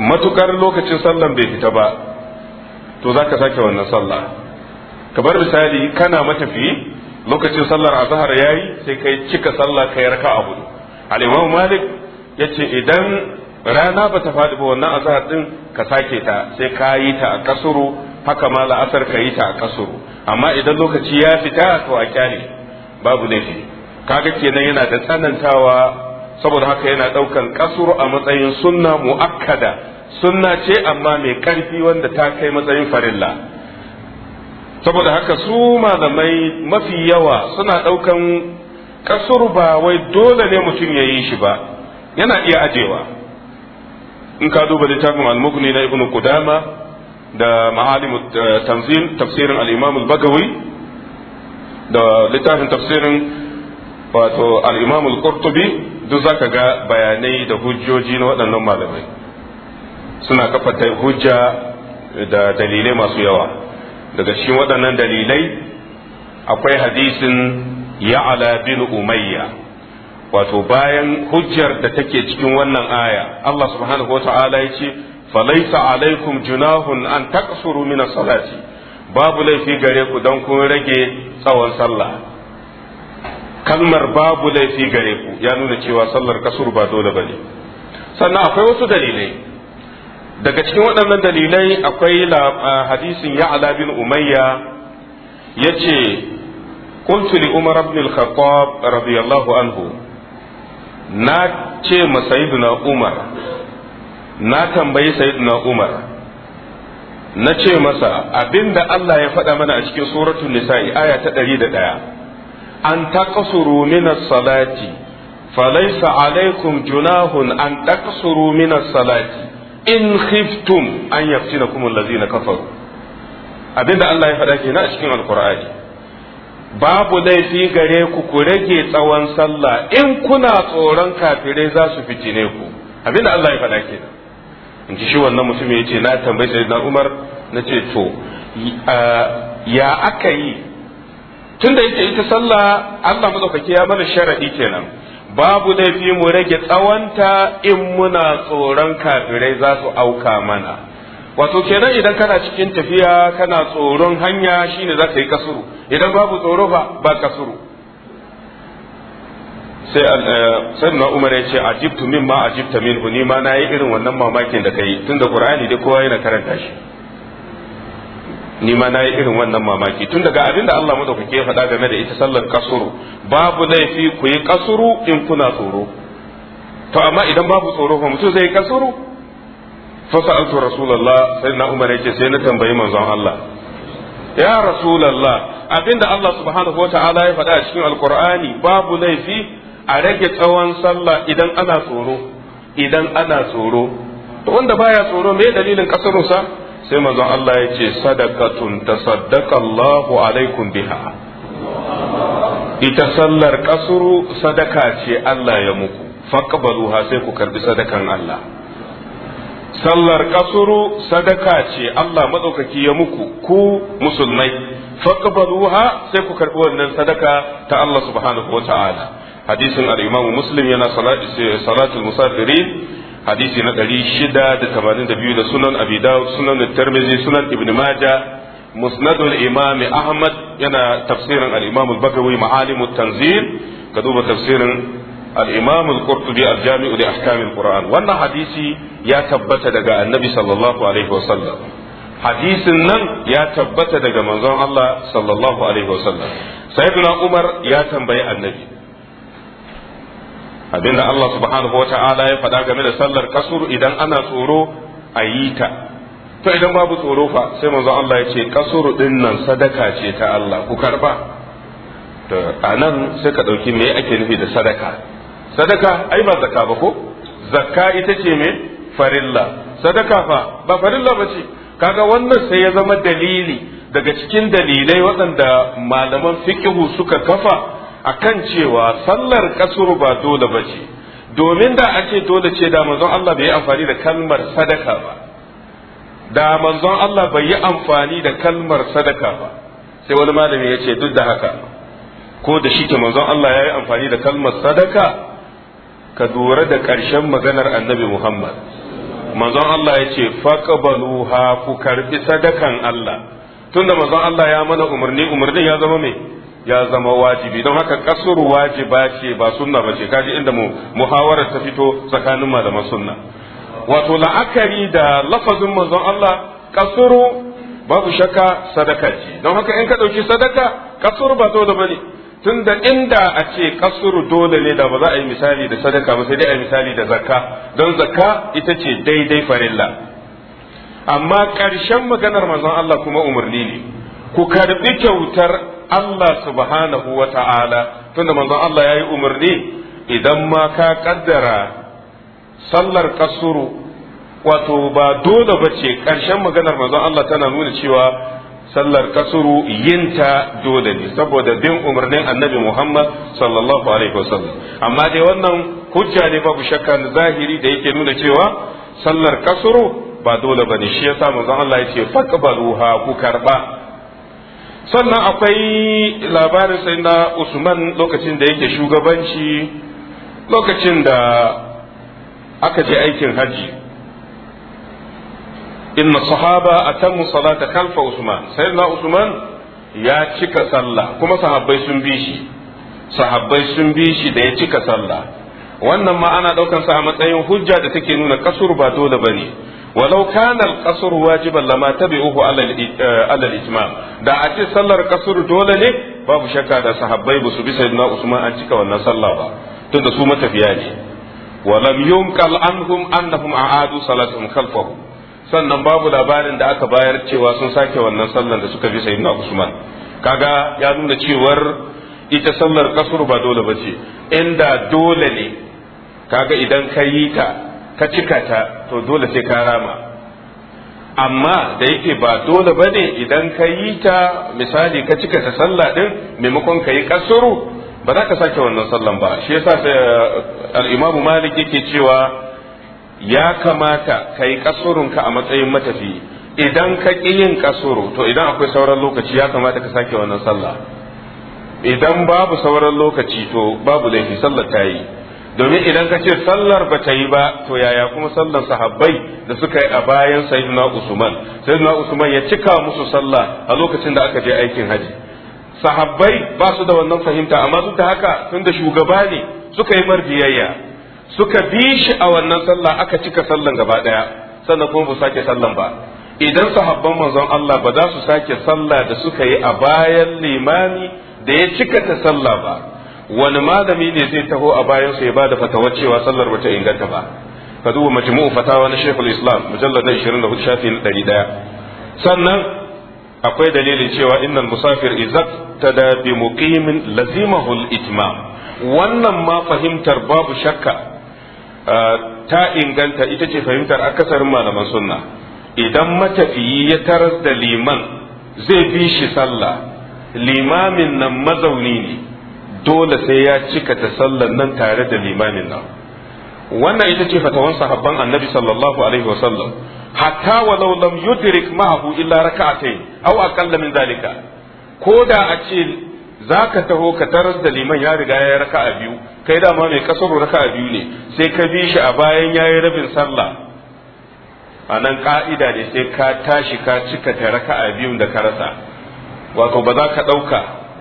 Speaker 1: matukar lokacin sallan bai fita ba to za ka sake wannan sallah ka bar misali kana matafi lokacin sallar azhar yayi sai kai cika sallah kai raka a hudu al'imamu imam malik ce idan rana ba ta faɗi ba wannan azahar din ka sake ta sai ka yi ta a kasuru haka ma la'asar ka yi ta a kasuru amma idan lokaci ya fita to a kyale babu laifi kaga kenan yana da tsanantawa saboda haka yana ɗaukan kasuru a matsayin sunna mu'akkada sunna ce amma mai karfi wanda ta kai matsayin farilla saboda haka su malamai mafi yawa suna ɗaukan kasuru ba wai dole ne mutum ya yi shi ba yana iya ajewa in ka duba littafin al-mughni na ibnu qudama da ma'alim tanzil tafsirin al-imam al-bagawi da littafin tafsirin wato al-imam al-qurtubi duk zaka ga bayanai da hujjoji na waɗannan malamai suna kafa ta hujja da dalilai masu yawa daga cikin waɗannan dalilai akwai hadisin ya'ala bin umayya wato bayan hujjar da take cikin wannan aya Allah subhanahu wa ta'ala ya ce falaisa alaikum junahun an taqsuru min salati babu laifi gare ku dan kun rage tsawon sallah kalmar babu laifi gare ku ya nuna cewa sallar kasur ba dole bane sannan akwai wasu dalilai daga cikin waɗannan dalilai akwai hadisin ya'la bin umayya yace ce. li umar ibn al radiyallahu anhu na ce ma na umar na tambayi na umar na ce masa abinda Allah ya faɗa mana a cikin suratun nisa'i aya ta ɗari da ɗaya an taqsuru min as-salati falaysa alaykum junahun an taqsuru min as-salati in khiftum an yaftinakum allazina kafaru abinda Allah ya faɗa kenan a cikin alqur'ani babu laifi gare ku ku rage tsawon sallah in kuna tsoron kafirai za su fitine ku abinda Allah ya faɗa kenan in ji shi wannan mutum yace na tambayi sai na Umar na ce to ya aka yi tun da yake ita sallah Allah madaukaki ya mana sharadi kenan babu laifi mu rage tsawanta in muna tsoron kafirai za su auka mana wato kenan idan kana cikin tafiya kana tsoron hanya shine za ka yi kasuru idan babu tsoro ba ba kasuru sai eh, sannan umar ya ce ajibtu min ma ajibta min ni ma na yi irin wannan mamakin da kai tunda qur'ani dai kowa yana karanta shi ni ma na yi irin wannan mamaki tun daga abin da Allah madaukake kuke faɗa game da ita sallar kasuru babu laifi ku yi kasuru in kuna tsoro to amma idan babu tsoro fa mutum zai yi kasuru fa sa'altu rasulullah sai na umar yake sai na tambayi manzon Allah ya rasulullah abinda Allah subhanahu wataala ya faɗa a cikin alqur'ani babu laifi a rage tsawon sallah idan ana tsoro idan ana tsoro wanda baya tsoro me dalilin kasarunsa sai manzon Allah ya ce ta tasaddaqa Allahu alaikum biha ita sallar kasuru sadaka ce Allah ya muku faqbaluha sai ku karbi sadakan Allah sallar kasuru sadaka ce Allah madaukaki ya muku ku musulmai faqbaluha sai ku karbi wannan sadaka ta Allah subhanahu wa ta'ala hadisin al-imam muslim yana salatul musafirin hadisi na 682 da sunan abi dawud sunan tirmidhi sunan ibn majah musnad al ahmad yana tafsirin al-imam al Tanzir ma'alim duba tafsirin al-imam al-qurtubi al-jami'u li ahkam al wannan hadisi ya tabbata daga annabi sallallahu alaihi wasallam hadisin nan ya tabbata daga manzon Allah sallallahu alaihi umar ya tambayi annabi abinda Allah subhanahu wa ta'ala ya faɗa game da sallar kasur idan ana tsoro a yi ta to idan babu tsoro fa sai manzo Allah ya ce kasur din nan sadaka ce ta Allah ku karba to anan sai ka dauki me ake nufi da sadaka sadaka ai ba zakka ba ko zakka ita ce me farilla sadaka fa ba farilla ba ce kaga wannan sai ya zama dalili daga cikin dalilai waɗanda malaman fiqhu suka kafa akan cewa sallar kasuru ba dole ba ce domin da ake dole ce da manzon Allah bai yi amfani da kalmar sadaka ba da manzon Allah bai yi amfani da kalmar sadaka ba sai wani malami ya ce duk da haka ko da shi ke manzon Allah ya yi amfani da kalmar sadaka ka dora da ƙarshen maganar annabi Muhammad manzon Allah ya ce faqbaluha ku karbi sadakan Allah tunda manzon Allah ya mana umarni umarnin ya zama mai ya zama wajibi don haka kasur wajiba ce ba sunna ba ce kaji inda mu muhawarar ta fito tsakanin malaman sunna wato la'akari da lafazin manzon Allah kasuru babu shakka sadaka ce don haka in ka dauki sadaka kasuru ba dole bane tunda inda a ce kasuru dole ne da ba za a yi misali da sadaka ba sai dai a yi misali da zakka don zakka ita ce daidai farilla amma ƙarshen maganar manzon Allah kuma umarni ne ku karbi kyautar Allah subhanahu wa ta'ala tunda manzon Allah ya yi umarni idan ma ka kaddara sallar kasuru wato ba dole ba ce ƙarshen maganar manzon Allah tana nuna cewa sallar kasuru yinta dole ne saboda bin umarnin annabi Muhammad sallallahu alaihi wasallam amma dai wannan hujja ne babu shakka zahiri da yake nuna cewa sallar kasuru ba dole ba ne shi yasa manzon Allah ya ce faqbaluha ku karba sannan akwai labarin sai na usman lokacin da yake shugabanci lokacin da aka je aikin hajji inna sahaba atammu salata kalfa usman sai na usman ya cika sallah kuma sahabbai sun bi shi sahabbai sun bi shi da ya cika sallah wannan ma ana daukan sa a matsayin hujja da take nuna kasur ba dole bane walau kana al-qasr wajiban lama tabi'uhu ala eh, al-ijma da a ce sallar qasr dole ne babu shakka da sahabbai ba su bi sayyidina usman an cika wannan sallah ba tunda su matafiya ne walam yunqal anhum annahum a'adu salatuhum khalfahu sannan babu labarin da aka bayar cewa sun sake wannan sallar da suka bi sayyidina usman kaga ya nuna cewar ita sallar kasur ba dole ba ce inda dole ne kaga idan ka yi ta ka cika ta to dole sai ka rama amma da yake ba dole ba ne idan ka yi ta misali ka cika ta sallah din maimakon ka yi kasuru ba za ka sake wannan sallan ba shi yasa eh, al-imam malik yake cewa ya kamata ka yi kasurun ka a matsayin matafi idan ka ƙi yin kasuru to idan akwai sauran lokaci ya kamata ka sake wannan sallah idan babu sauran lokaci to babu laifi sallar ta yi domin idan ka ce sallar ba ta yi ba to yaya kuma sallar sahabbai da suka yi a bayan sayyidina usman sayyidina usman ya cika musu sallah a lokacin da aka je aikin haji sahabbai ba su da wannan fahimta amma duk da haka tun da shugaba ne suka yi mar suka bi shi a wannan sallah aka cika sallan gaba daya sannan kuma ba sake sallan ba idan sahabban manzon Allah ba za su sake sallah da suka yi a bayan limani da ya cika ta sallah ba wani malami ne zai taho a bayan sa ya bada fatawar cewa sallar bata inganta ba ka duba majmu'u fatawa na Sheikhul Islam mujallad na 24 shafi na 100 sannan akwai dalilin cewa innal musafir izat tada bi muqimin lazimahu al-itmam wannan ma fahimtar babu shakka ta inganta ita ce fahimtar akasarin malaman sunna idan matafiyi ya taras da liman zai bi shi sallah limamin nan mazauni ne dole sai ya cika ta sallan nan tare da limamin nan wannan ita ce fatawan sahabban annabi sallallahu alaihi wa sallam. hatta walau lam yudrik ma'ahu illa rak'atayn aw aqalla min zalika ko da a ce zaka taho ka tarar da liman ya riga ya raka'a biyu kai da ma mai kasaro raka'a biyu ne sai ka bi shi a bayan yayi rabin sallah a nan ka'ida ne sai ka tashi ka cika ta raka'a biyun da ka rasa wato ba za ka ɗauka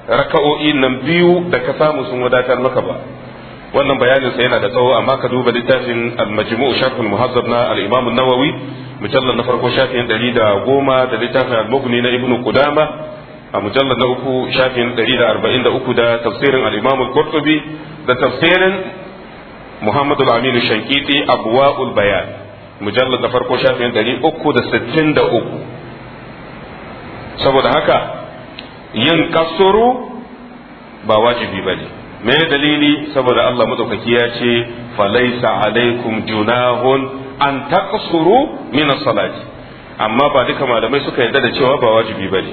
Speaker 1: raka'o'i nan biyu da ka samu sun wadatar maka ba wannan bayanin sa yana da tsawo amma ka duba littafin al-majmu' sharh al-muhazzab na al-imam an-nawawi mujallal na farko shafin 110 da littafin al-mughni na ibnu qudama a mujallal na uku shafin 143 da tafsirin al-imam al-qurtubi da tafsirin muhammad al-amin shankiti abwa'ul bayan mujallal na farko shafin 363 saboda haka yin kasuru ba wajibi ba ne me dalili saboda Allah madaukaki ya ce falaisa alaikum junahun an taqsuru min salati amma ba duka malamai suka yarda da cewa ba wajibi ba ne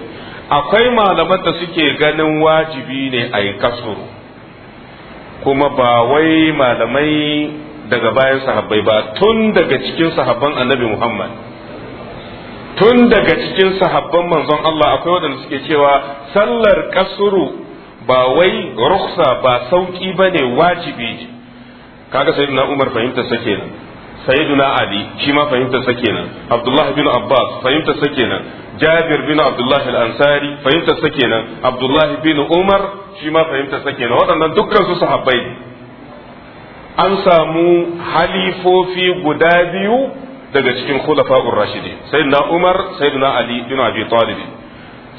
Speaker 1: akwai malaman da suke ganin wajibi ne a yi kasuru kuma ba wai malamai daga bayan sahabbai ba tun daga cikin sahabban annabi Muhammad tun daga cikin sahabban manzon Allah akwai waɗanda suke cewa sallar kasuru ba wai ruksa ba sauƙi ba ne wajibi kaga sayyidina Umar fahimta sake nan sayyidina Ali shi ma fahimta sake nan Abdullah bin Abbas fahimta sake nan Jabir bin Abdullah al-Ansari fahimta sake nan Abdullah bin Umar shi ma fahimta sake nan waɗannan dukkan su sahabbai an samu halifofi guda biyu daga cikin khulafa'ur rashidi sayyidina umar sayyidina ali bin abi talib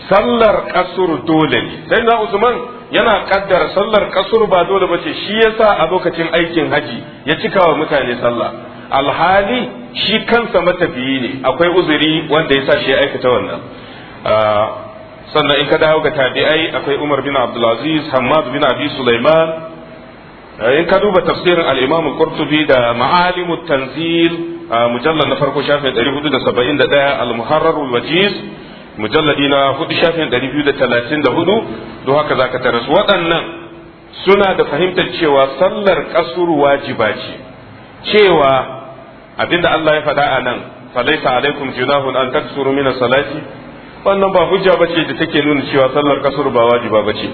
Speaker 1: sallar kasur dole ne sayyidina usman yana kaddar sallar kasur ba dole bace shi yasa a lokacin aikin haji ya cika wa mutane sallah alhali shi kansa matafiyi ne akwai uzuri wanda yasa shi ya aikata wannan ah, sannan in ka dawo ga tabi'ai akwai umar bin abdulaziz hammad bin abi sulaiman Eh, in ka duba tafsirin al-Imam Qurtubi da Ma'alim tanzil mujallar na farko shafin 471 al-Muharrar al-Wajiz mujalladi na hudu shafin 234 don haka zaka rasu. waɗannan suna da fahimtar cewa sallar kasuru wajiba ce cewa abinda Allah ya faɗa a nan falaisa alaikum junahun an taksuru min salati wannan ba hujja bace da take nuna cewa sallar kasuru ba wajiba bace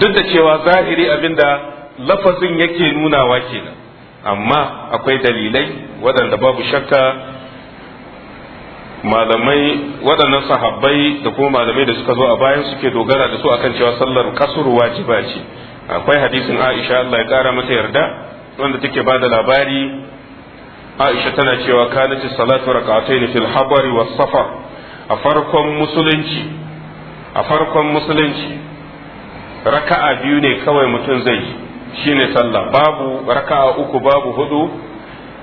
Speaker 1: duk da cewa zahiri abinda lafazin yake nunawa kenan amma akwai dalilai waɗanda babu shakka malamai waɗannan sahabbai da kuma malamai da suka zo a bayan suke dogara da su akan cewa sallar kasur wajiba ce akwai hadisin Aisha Allah ya kara mata yarda wanda take ba da labari Aisha tana cewa kanati salatu rak'atayn fil habari was safa a farkon musulunci a farkon musulunci raka'a biyu ne kawai mutum zai yi shine sallah babu raka'a uku babu hudu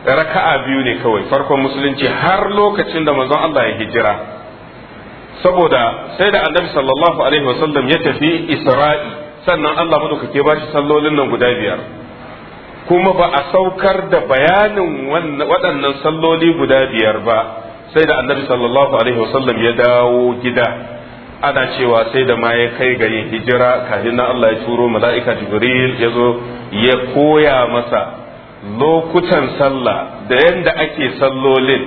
Speaker 1: raka'a biyu ne kawai farkon musulunci har lokacin da manzon Allah ya hijira saboda sai da annabi sallallahu alaihi wasallam ya tafi isra'i sannan Allah madaukake ba shi sallolin nan guda biyar kuma ba a saukar da bayanin waɗannan salloli guda biyar ba sai da annabi sallallahu alaihi wasallam ya dawo gida ana cewa sai da ma ya kai ga yin hijira kafin nan Allah ya turo mala'ika Jibril ya zo ya koya masa lokutan sallah da yadda ake sallolin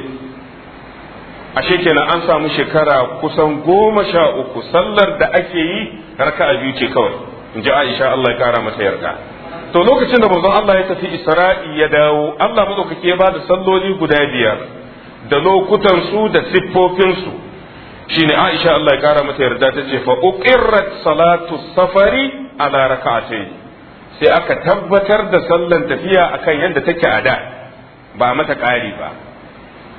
Speaker 1: ashe kenan an samu shekara kusan goma sha uku sallar da ake yi a biyu ce kawai in ji Aisha Allah ya kara masa yarda to lokacin da manzon Allah ya tafi Isra'i ya dawo Allah madaukake ya ba da salloli guda biyar da lokutan su da siffofin su shine Aisha Allah ya kara mata yarda ta ce fa uqirrat salatu safari ala rak'atayn sai aka tabbatar da sallan tafiya akan yadda take a da ba mata ƙari ba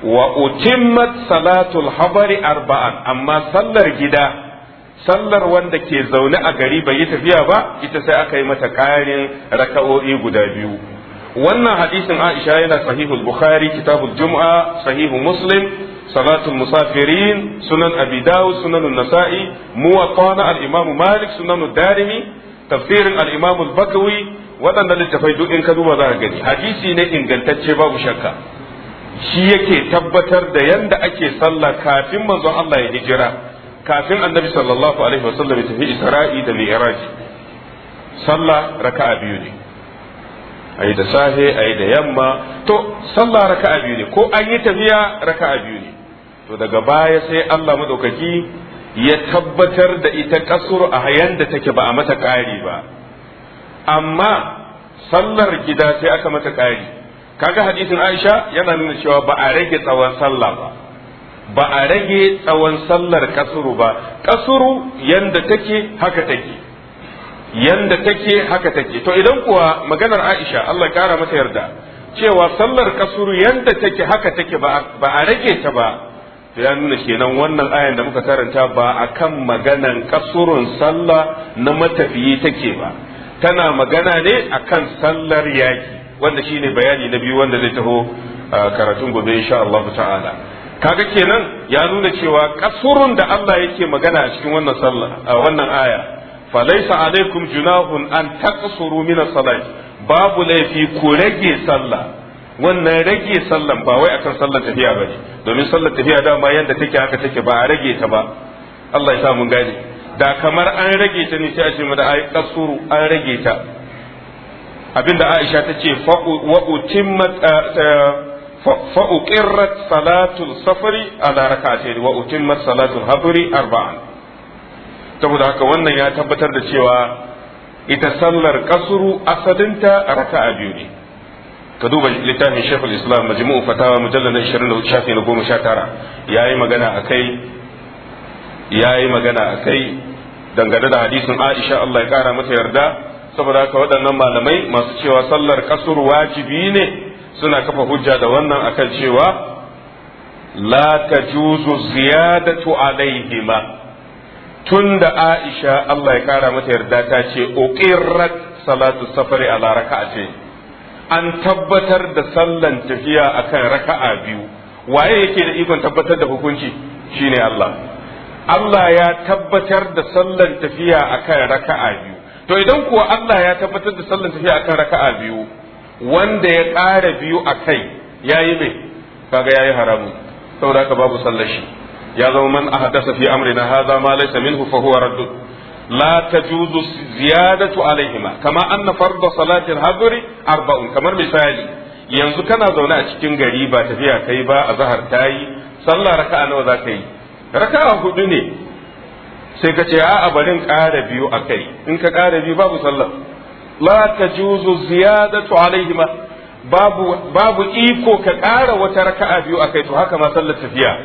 Speaker 1: wa utimmat salatul habari arba'an amma sallar gida sallar wanda ke zaune a gari bai yi tafiya ba ita sai aka yi mata ƙarin raka'o'i guda biyu wannan hadisin Aisha yana sahihul Bukhari kitabul Jum'a sahihu Muslim salatul musafirin sunan abi dawud sunan nasa'i muwatta na al-imam malik sunan darimi tafsirin al bakawi waɗannan littafai duk in ka duba za ka gani hadisi ne ingantacce babu shakka shi yake tabbatar da yanda ake sallah kafin manzon Allah ya hijira kafin annabi sallallahu alaihi wasallam ya tafi isra'i da mi'raj sallah raka'a biyu ne ayi da safe ayi da yamma to sallah raka'a biyu ne ko an yi tafiya raka'a biyu ne to daga baya sai Allah madaukaki ya tabbatar da ita kasur a hayan da take ba a mata ƙari ba amma sallar gida sai aka mata ƙari kaga hadisin Aisha yana nuna cewa ba a rage tsawon sallah ba ba a rage tsawon sallar kasuru ba kasuru yanda take haka take yanda take haka take to idan kuwa maganar Aisha Allah kara mata yarda cewa sallar kasuru yanda take haka take ba a rage ta ba to ya nuna kenan wannan ayan da muka karanta ba a kan maganan kasurun sallah na matafiyi take ba tana magana ne a kan sallar yaki wanda shine bayani na biyu wanda zai taho karatun gobe insha Allah ta'ala kaga kenan ya nuna cewa kasurun da Allah yake magana a cikin wannan sallah wannan aya falaisa alaikum junahun an taqsuru min as-salat babu laifi ku rage sallah wannan rage sallan ba wai akan sallan tafiya bane domin sallan tafiya dama yanda take haka take ba a rage ta ba Allah ya sa mun gane da kamar an rage ta ne sai a ce mata ai kasuru an rage ta abinda Aisha ta ce wa utimmat eh, eh, fa uqirrat salatul safari ala rak'atayn wa utimmat salatul hadri arba'an saboda haka wannan ya tabbatar da cewa ita sallar kasuru asalinta raka'a biyu ne ka duba littafin shekul islam majmu'u fatawa mujallar na 20 shafi na Ya yayi magana ya yi magana kai, dangane da hadisin Aisha Allah ya kara mata yarda saboda haka waɗannan malamai masu cewa sallar kasur wajibi ne suna kafa hujja da wannan akan cewa la tajuzu ziyadatu alaihima tunda Aisha Allah ya kara mata yarda ta ce uqirrat salatu safari ala raka'atayn an tabbatar da sallan tafiya akan raka'a biyu waye yake da ikon tabbatar da hukunci shine Allah Allah ya tabbatar da sallan tafiya akan raka'a biyu to idan kuwa Allah ya tabbatar da sallan tafiya akan raka'a biyu wanda ya ƙara biyu a kai yayi mai kaga yi haramu saboda haka babu sallar ya zama man ahdasa fi amrina hadha ma laysa minhu fa huwa la tajuzu ziyadatu alaihima kama anna farda salatil hadri arba'un kamar misali yanzu kana zaune a cikin gari ba tafiya kai ba a zahar tayi sallah raka'a nawa za ka yi raka'a hudu ne sai ka ce a barin ƙara biyu a kai in ka ƙara biyu babu sallah la ta tajuzu ziyadatu alaihima babu babu iko ka ƙara wata raka'a biyu a kai to haka ma sallar tafiya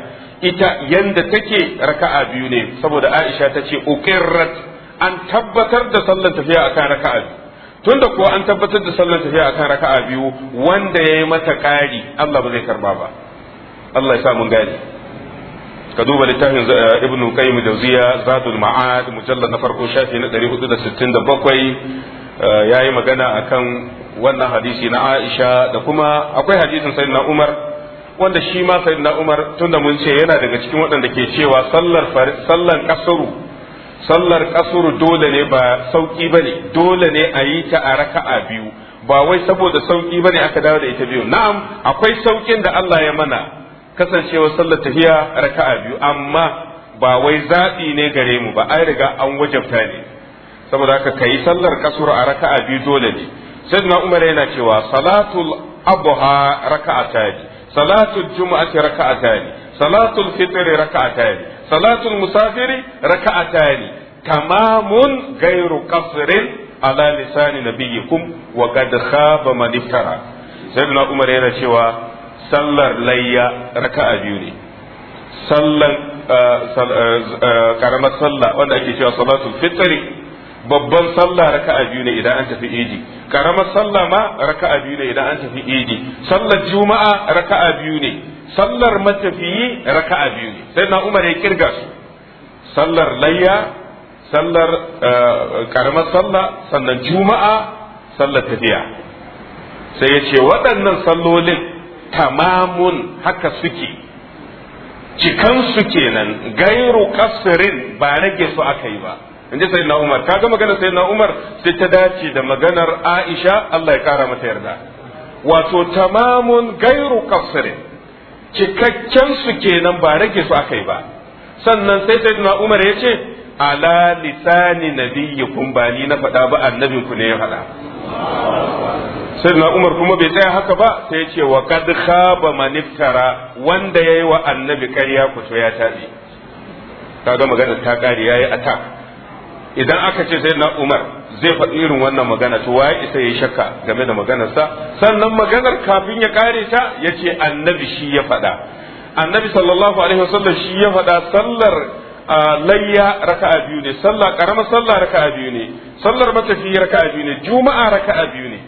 Speaker 1: ita yanda take raka'a biyu ne saboda Aisha ta ce uqirrat an tabbatar da sallar tafiya a kan raka'a biyu tunda kuwa an tabbatar da sallar tafiya a kan raka'a biyu wanda yayi mata ƙari Allah ba zai karba ba Allah ya sa mun gane ka duba littafin eh, Ibn Qayyim Jawziya Zadul Ma'ad mujallad na farko shafi na 467 eh, yayi magana akan wannan hadisi na Aisha da kuma akwai hadisin Sayyidina Umar wanda shi ma sayyidina Umar tunda mun ce yana daga cikin waɗanda ke cewa sallar sallan kasaru sallar kasuru dole ne ba sauki bane dole ne a yi ta a raka'a biyu ba wai saboda sauki bane aka dawo da ita biyu na'am akwai saukin da Allah ya mana kasancewa sallar tahiya raka'a biyu amma ba wai zaɓi ne gare mu ba ai riga an wajabta ne saboda haka kai sallar kasuru a raka'a biyu dole ne sayyidina Umar yana cewa salatul abha raka'ata salatul jumu'ati raka'ata salatul fitr raka'atan salatul musafiri raka'atan tamamun gairu qasrin ala lisani nabiyikum wa qad khaba man iftara sayyidina umar yana cewa sallar layya raka'a biyu ne sallan uh, uh, uh, karamar sallah wanda ake cewa salatul fitri babban sallah raka'a biyu ne idan an tafi idi karamar sallah ma raka'a biyu ne idan an tafi idi sallar juma'a raka'a biyu ne sallar matafiyi raka'a biyu ne sai na umar ya kirga su sallar layya sallar eh, karamar salla sannan juma'a sallar tafiya sai ya ce waɗannan sallolin tamamun haka suke cikan cikansu kenan gairu kasirin ba rage su aka yi ba in ji na umar kaga maganar na umar sai ta dace da maganar aisha Allah ya kara mata yarda wato tamamun gairu kasirin cikakken su kenan ba rage su akai ba sannan sai na Umar ya ce ala lisani nabiyyikum ba ni na faɗa ba annabin ku ne ya faɗa na Umar kuma bai tsaya haka ba sai ya ce wa kad khaba man iftara wanda yayi wa annabi ƙarya ku to ya tabi kaga magana ta kare yayi attack idan aka ce sai na umar zai faɗi irin wannan magana to waye isa ya shakka game da maganarsa sannan maganar kafin ya kare ta ya ce annabi shi ya faɗa annabi sallallahu alaihi wasallam shi ya faɗa sallar layya raka'a biyu ne sallah karamar sallah raka'a biyu ne sallar matafiya raka'a biyu ne juma'a raka'a biyu ne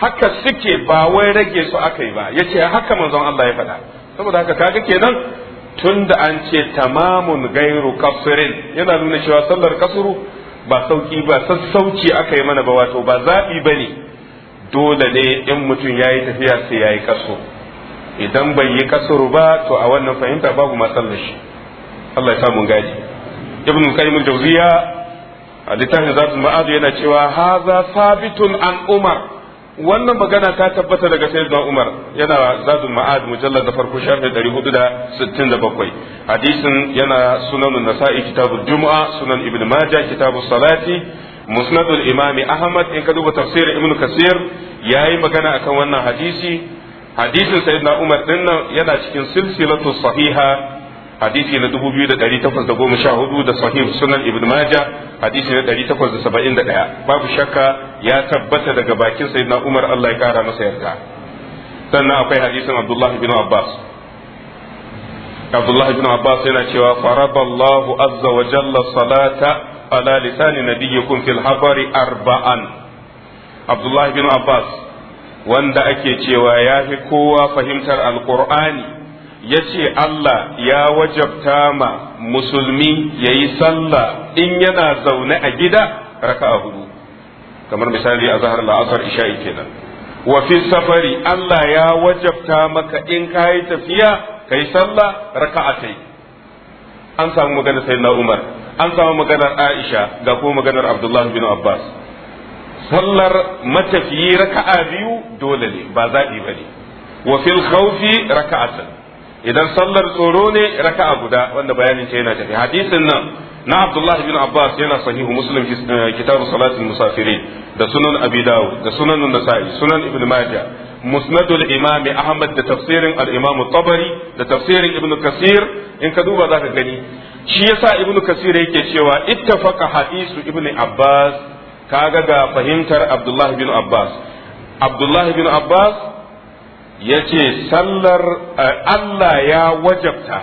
Speaker 1: haka suke ba wai rage su aka yi ba yace haka manzon Allah ya faɗa saboda haka kaga kenan tunda an ce tamamun gairu kafirin yana nuna cewa sallar kasuru ba sauki ba sassauci aka yi mana ba wato ba zaɓi ba ne dole ne in mutum ya yi tafiya sai ya yi kaso idan bai yi kasuru ba to a wannan fahimta babu matsalar shi Allah ya samu gaji ibn qayyim al-jawziya a littafin zatul ma'ad yana cewa haza sabitun an wannan magana ta tabbata daga sayyidina Umar yana zadul ma'ad mujallar da farko shafi bakwai. hadisin yana sunanun nasa'i kitabu jumu'a sunan ibn maja kitabus salati musnadul imami ahmad in ka duba tafsirin ibn kasir yi magana akan wannan hadisi hadisin sayyidina Umar dinnan yana cikin silsilatu sahiha hadisi na 2814 da sahih sunan ibn majah hadisi na 871 babu shakka ya tabbata daga bakin sayyidina umar Allah ya kara masa yarda sannan akwai hadisin abdullah ibn abbas abdullah ibn abbas yana cewa faraballahu azza wa jalla salata ala lisani nabiyyikum fil habari arba'an abdullah ibn abbas wanda ake cewa ya fi kowa fahimtar alqur'ani ya ce Allah ya wajabta ma musulmi ya yi sallah in yana zaune a gida raka a hudu kamar misali a zahar la'asar isha'i kenan wa fi safari Allah ya wajabta maka in ka yi tafiya ka yi sallah raka a kai an samu maganar sayyidina Umar an samu maganar Aisha ga kuma maganar Abdullahi bin Abbas sallar matafiyi raka'a biyu dole ne ba zaɓi ba ne wa fil khawfi raka'atan idan sallar tsoro ne raka'a guda wanda bayanin ce yana tafi hadisin nan na Abdullahi bin Abbas yana sahihu Muslim eh, kitabu salatin musafirin da sunan Abi Dawud da sunan Nasa'i sunan Ibn Majah مسند الإمام da ده Ibn الإمام In ka duba ابن ka إن كذوب ذاك غني شيسا ابن كثير yake cewa ittafaqa hadisu ibn Abbas kaga ga fahimtar Abdullah bin Abbas Abdullah bin Abbas ya ce sallar eh, Allah ya wajabta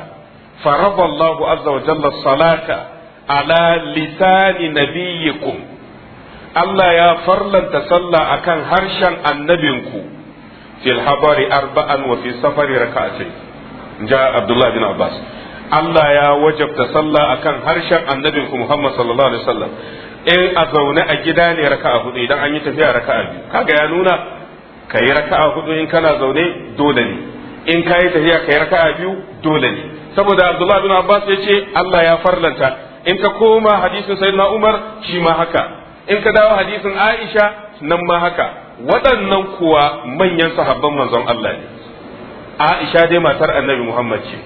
Speaker 1: faraballahu azza wa jalla salata ala lisani nabiyyikum Allah ya farlanta sallah akan harshen annabinku fil habari arba'an wa fi safari raka'atai ja Abdullah bin Abbas Allah ya wajabta sallah akan harshen annabinku Muhammad sallallahu alaihi wasallam in a zaune a gida ne raka'a hudu idan an yi tafiya raka'a biyu kaga ya nuna ka yi raka'a hudu in kana zaune dole ne in ka yi tafiya ka yi raka'a biyu dole ne saboda Abdullahi bin Abbas ya ce Allah ya farlanta in ka koma hadisin Sayyidina Umar shi ma haka in ka dawo hadisin Aisha nan ma haka waɗannan kuwa manyan sahabban manzon Allah ne Aisha dai matar Annabi Muhammad ce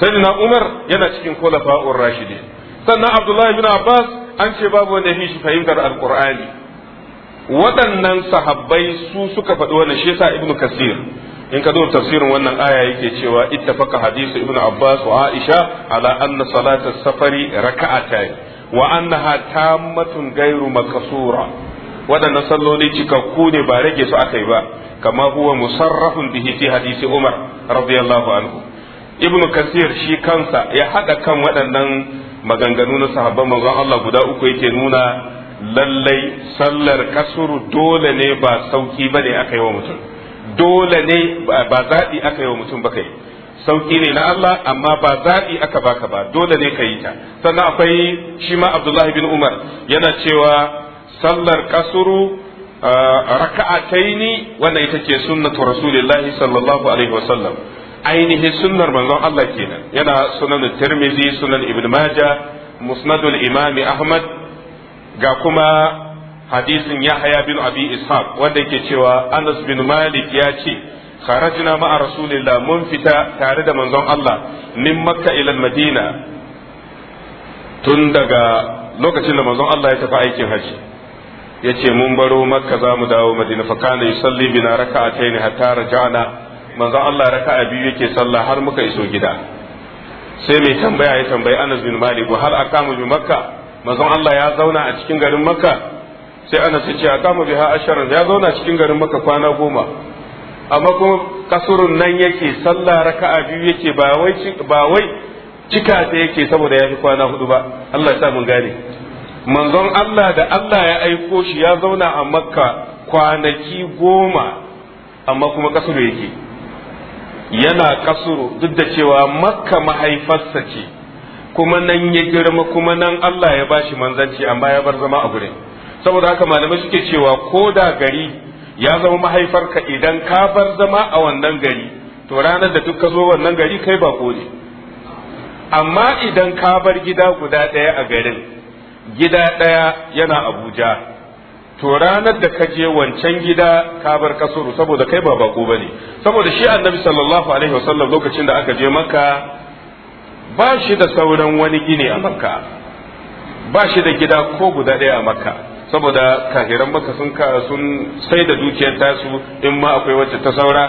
Speaker 1: Sayyidina Umar yana cikin khulafa'ur rashidi sannan Abdullah bin Abbas an ce babu wanda ya fi shi fahimtar alkur'ani waɗannan sahabbai su suka faɗi wannan shi yasa ibnu kasir in ka duba tafsirin wannan aya yake cewa ittafaqa hadisu ibnu abbas wa aisha ala anna salata safari raka'atayn wa annaha tammatun ghairu makasura waɗannan salloli cikakku ne ba rage su akai ba kama huwa musarrafun bihi fi hadisi umar radiyallahu anhu ibnu kasir shi kansa ya hada kan waɗannan maganganu na sahabban manzon Allah guda uku yake nuna lallai sallar kasuru dole ne ba sauki ba ne aka yi wa mutum dole ne ba zaɓi aka yi wa mutum ba kai sauki ne na Allah amma ba zaɓi aka baka ba dole ne ka yi ta sannan akwai shi ma Abdullahi bin Umar yana cewa sallar kasuru ni wannan ita ce sunnatu rasulillahi sallallahu alaihi wasallam ainihin sunnar manzon Allah kenan yana sunan Tirmidhi sunan Ibn Majah musnadul Imami Ahmad ga kuma hadisin yahya bin abi ishaq wanda yake cewa anas bin malik ya ce kharajna ma'a rasulillah mun fita tare da manzon Allah min makka ila madina tun daga lokacin da manzon Allah ya tafi aikin haji ya ce mun baro makka za mu dawo madina fa kana yusalli bina raka'atayn hatta raja'na manzon Allah raka'a biyu yake sallah har muka iso gida sai mai tambaya ya tambayi Anas bin Malik hal aqamu bi makka manzon Allah ya zauna a cikin garin makka sai ana ta ce kama biha ashar ya zauna cikin garin makka kwana goma amma kuma kasurun nan yake sallah raka'a biyu yake ba wai ba wai cika ta yake saboda ya fi kwana hudu ba Allah ya sa mun gane manzon Allah da Allah ya aiko shi ya zauna a makka kwanaki goma amma kuma kasuru yake yana kasuru duk da cewa makka mahaifarsa ce kuma nan ya girma kuma nan Allah ya bashi manzanci amma ya bar zama a gurin saboda haka malamai suke cewa ko da gari ya zama mahaifarka idan ka bar zama a wannan gari to ranar da duk ka zo wannan gari kai ba ne amma idan ka bar gida guda ɗaya a garin gida ɗaya yana abuja to ranar da ka je wancan gida ka bar kasuru saboda kai ba bako bane saboda shi annabi sallallahu alaihi wasallam lokacin da aka je maka ba shi da sauran wani gini a makka ba shi da gida ko guda ɗaya a makka saboda kahiran makka sun sun sai da dukiyar tasu in ma akwai wacce ta saura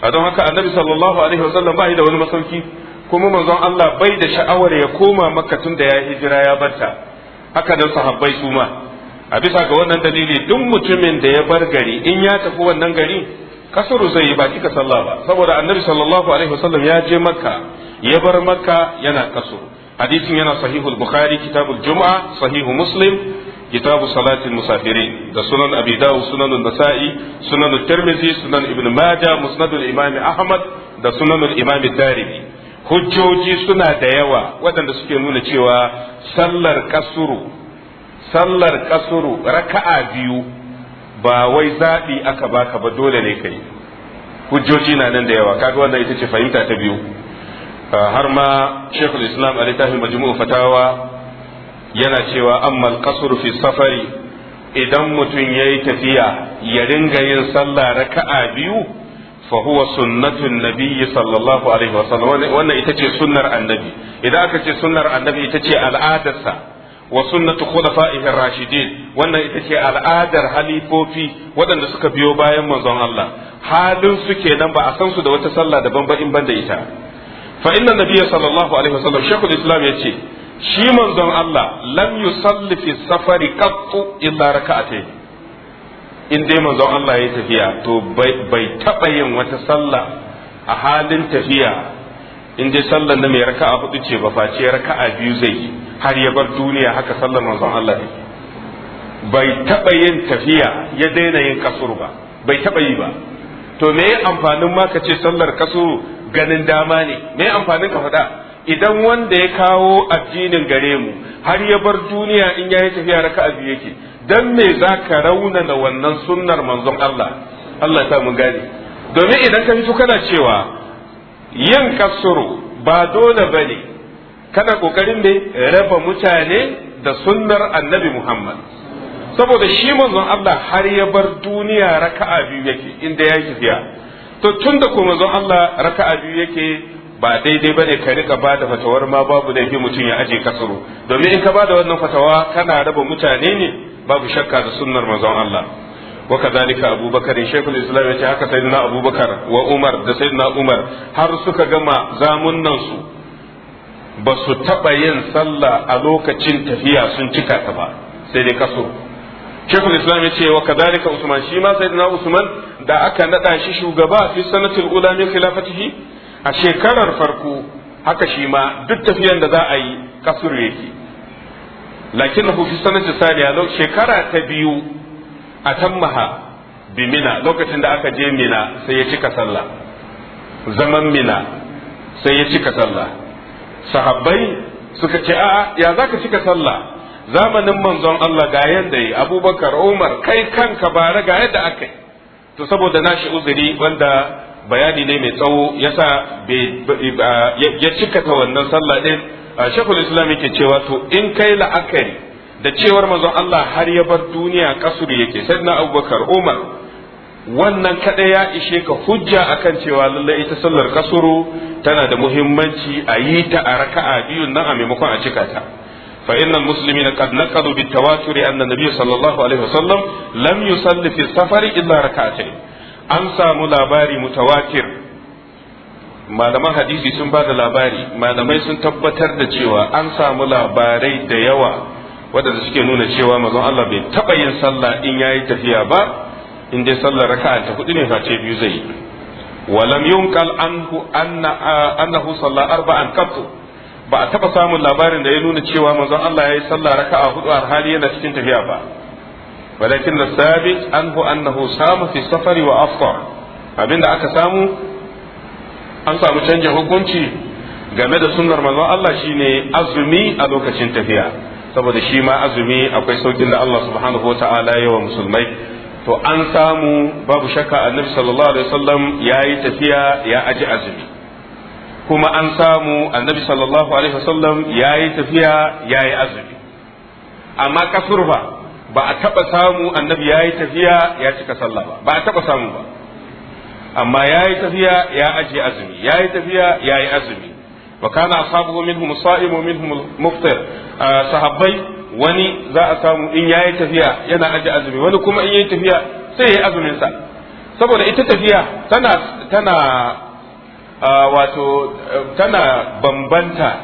Speaker 1: a don haka annabi sallallahu alaihi wasallam ba shi da wani masauki kuma manzon Allah bai da sha'awar ya koma maka tun da ya hijira ya barta haka da sahabbai su ma a bisa ga wannan dalili duk mutumin da ya bar gari in ya tafi wannan gari kasuru zai yi ba kika sallah ba saboda annabi sallallahu alaihi wasallam ya je makka ya bar makka yana kaso hadisin yana sahihul bukhari kitabul juma'a sahihu muslim kitabu salatin musafirin da sunan abi sunan nasa'i sunan tirmidhi sunan ibn majah musnadul Imami ahmad da sunan imam darimi hujjoji suna da yawa waɗanda suke nuna cewa sallar kasuru sallar kasuru raka'a biyu ba wai zaɓi aka baka ba dole ne kai hujjoji na nan da yawa kaga wannan ita ce fahimta ta biyu har ma shekul islam a littafin majmu'u fatawa yana cewa amma kasur fi safari idan mutum ya yi tafiya ya ringa yin sallah raka'a biyu fa huwa sunnatun nabiyyi sallallahu alaihi wasallam wannan ita ce sunnar annabi idan aka ce sunnar annabi ita ce al'adarsa wa sunnatu khulafa'ihir rashidin wannan ita ce al'adar halifofi waɗanda suka biyo bayan manzon Allah halin su kenan ba a san su da wata sallah daban ba in da ita fa inna nabiyya sallallahu alaihi wasallam shaykhul islam yace shi manzon Allah lam yusalli fi safari qattu illa raka'atayn in dai manzon Allah ya tafiya to bai taba yin wata sallah a halin tafiya in dai sallar da mai raka'a hudu ce ba face raka'a biyu zai har ya bar duniya haka sallar manzon Allah ne bai taɓa yin tafiya ya daina yin kasur ba bai taba yi ba to me amfanin ma ka ce sallar kasuru ganin dama ne me amfanin ka faɗa idan wanda ya kawo addinin gare mu har ya bar duniya in ya yi tafiya a biyu yake dan me za ka raunana wannan sunnar manzon Allah Allah ya mun gane domin idan ka fito kana cewa yin kasuru ba dole bane kana kokarin ne raba mutane da sunnar annabi Muhammad saboda shi manzon Allah har ya bar duniya raka'a biyu yake inda ya tafiya to tun da kuma zan Allah raka'a biyu yake ba daidai ba ne ka rika ba da fatawar ma babu da yake mutum ya aje kasuru domin in ka ba da wannan fatawa kana raba mutane ne babu shakka da sunnar manzon Allah wa kadhalika Abu Bakar Sheikhul Islam yace haka sayyidina Abu Bakar wa Umar da sayyidina Umar har suka gama zamun nan su ba su taba yin sallah a lokacin tafiya sun cika ta ba sai dai kasuru shekul islam ya ce wa kadalika usman shi ma sayyidina usman da aka nada shi shugaba fi sanatul ula khilafatihi a shekarar farko haka shi ma duk tafiyan da za a yi kasuru yake lakinnahu fi sanati saniya shekara ta biyu a tammaha bi mina lokacin da aka je mina sai ya cika sallah zaman mina sai ya cika sallah sahabbai suka ce a'a ya zaka cika sallah zamanin manzon Allah ga yadda yi abubakar umar kai kanka bara ga yadda aka yi to saboda na nashi uzuri wanda bayani ne mai tsawo yasa ya cika ta wannan sallah din shekul islam yake cewa to in kai la'akari da cewar manzon Allah har ya bar duniya kasuri yake na abubakar umar wannan kada ya ishe ka hujja akan cewa lallai ita sallar kasuru tana da muhimmanci a yi ta a raka'a biyun nan a maimakon a cika ta فإن المسلمين قد نقضوا بالتواتر أن النبي صلى الله عليه وسلم لم يصلي في السفر إلا ركعتين أمسى ملاباري متواتر malaman hadisi sun ba da labari malamai sun tabbatar da cewa an samu labarai da yawa waɗanda suke nuna cewa mazan Allah bai taɓa yin sallah in yayi tafiya ba in dai sallar raka'a ta hudu ne face biyu zai yi walam yunkal anhu annahu sallah arba'an qattu ba a taɓa samun labarin da ya nuna cewa manzon Allah ya yi sallah a hudu a hali yana cikin tafiya ba walakin da sabit anhu annahu samu fi safari wa afkar da aka samu an samu canja hukunci game da sunnar manzon Allah shine azumi a lokacin tafiya saboda shi ma azumi akwai saukin da Allah subhanahu wataala ya wa musulmai to an samu babu shakka annabi sallallahu alaihi wasallam yayi tafiya ya aji azumi kuma an samu annabi sallallahu alaihi wasallam ya yi tafiya ya yi azumi amma kasurfa ba a taɓa samu annabi ya yi tafiya ya cika sallah ba ba a taɓa samu ba amma ya yi tafiya ya ajiye azumi ya yi tafiya ya yi azumi wa kana ashabuhu minhum sa'im wa minhum muftir sahabbai wani za a samu in ya yi tafiya yana ajiye azumi wani kuma in ya yi tafiya sai ya yi azumin sa saboda ita tafiya tana tana wato tana bambanta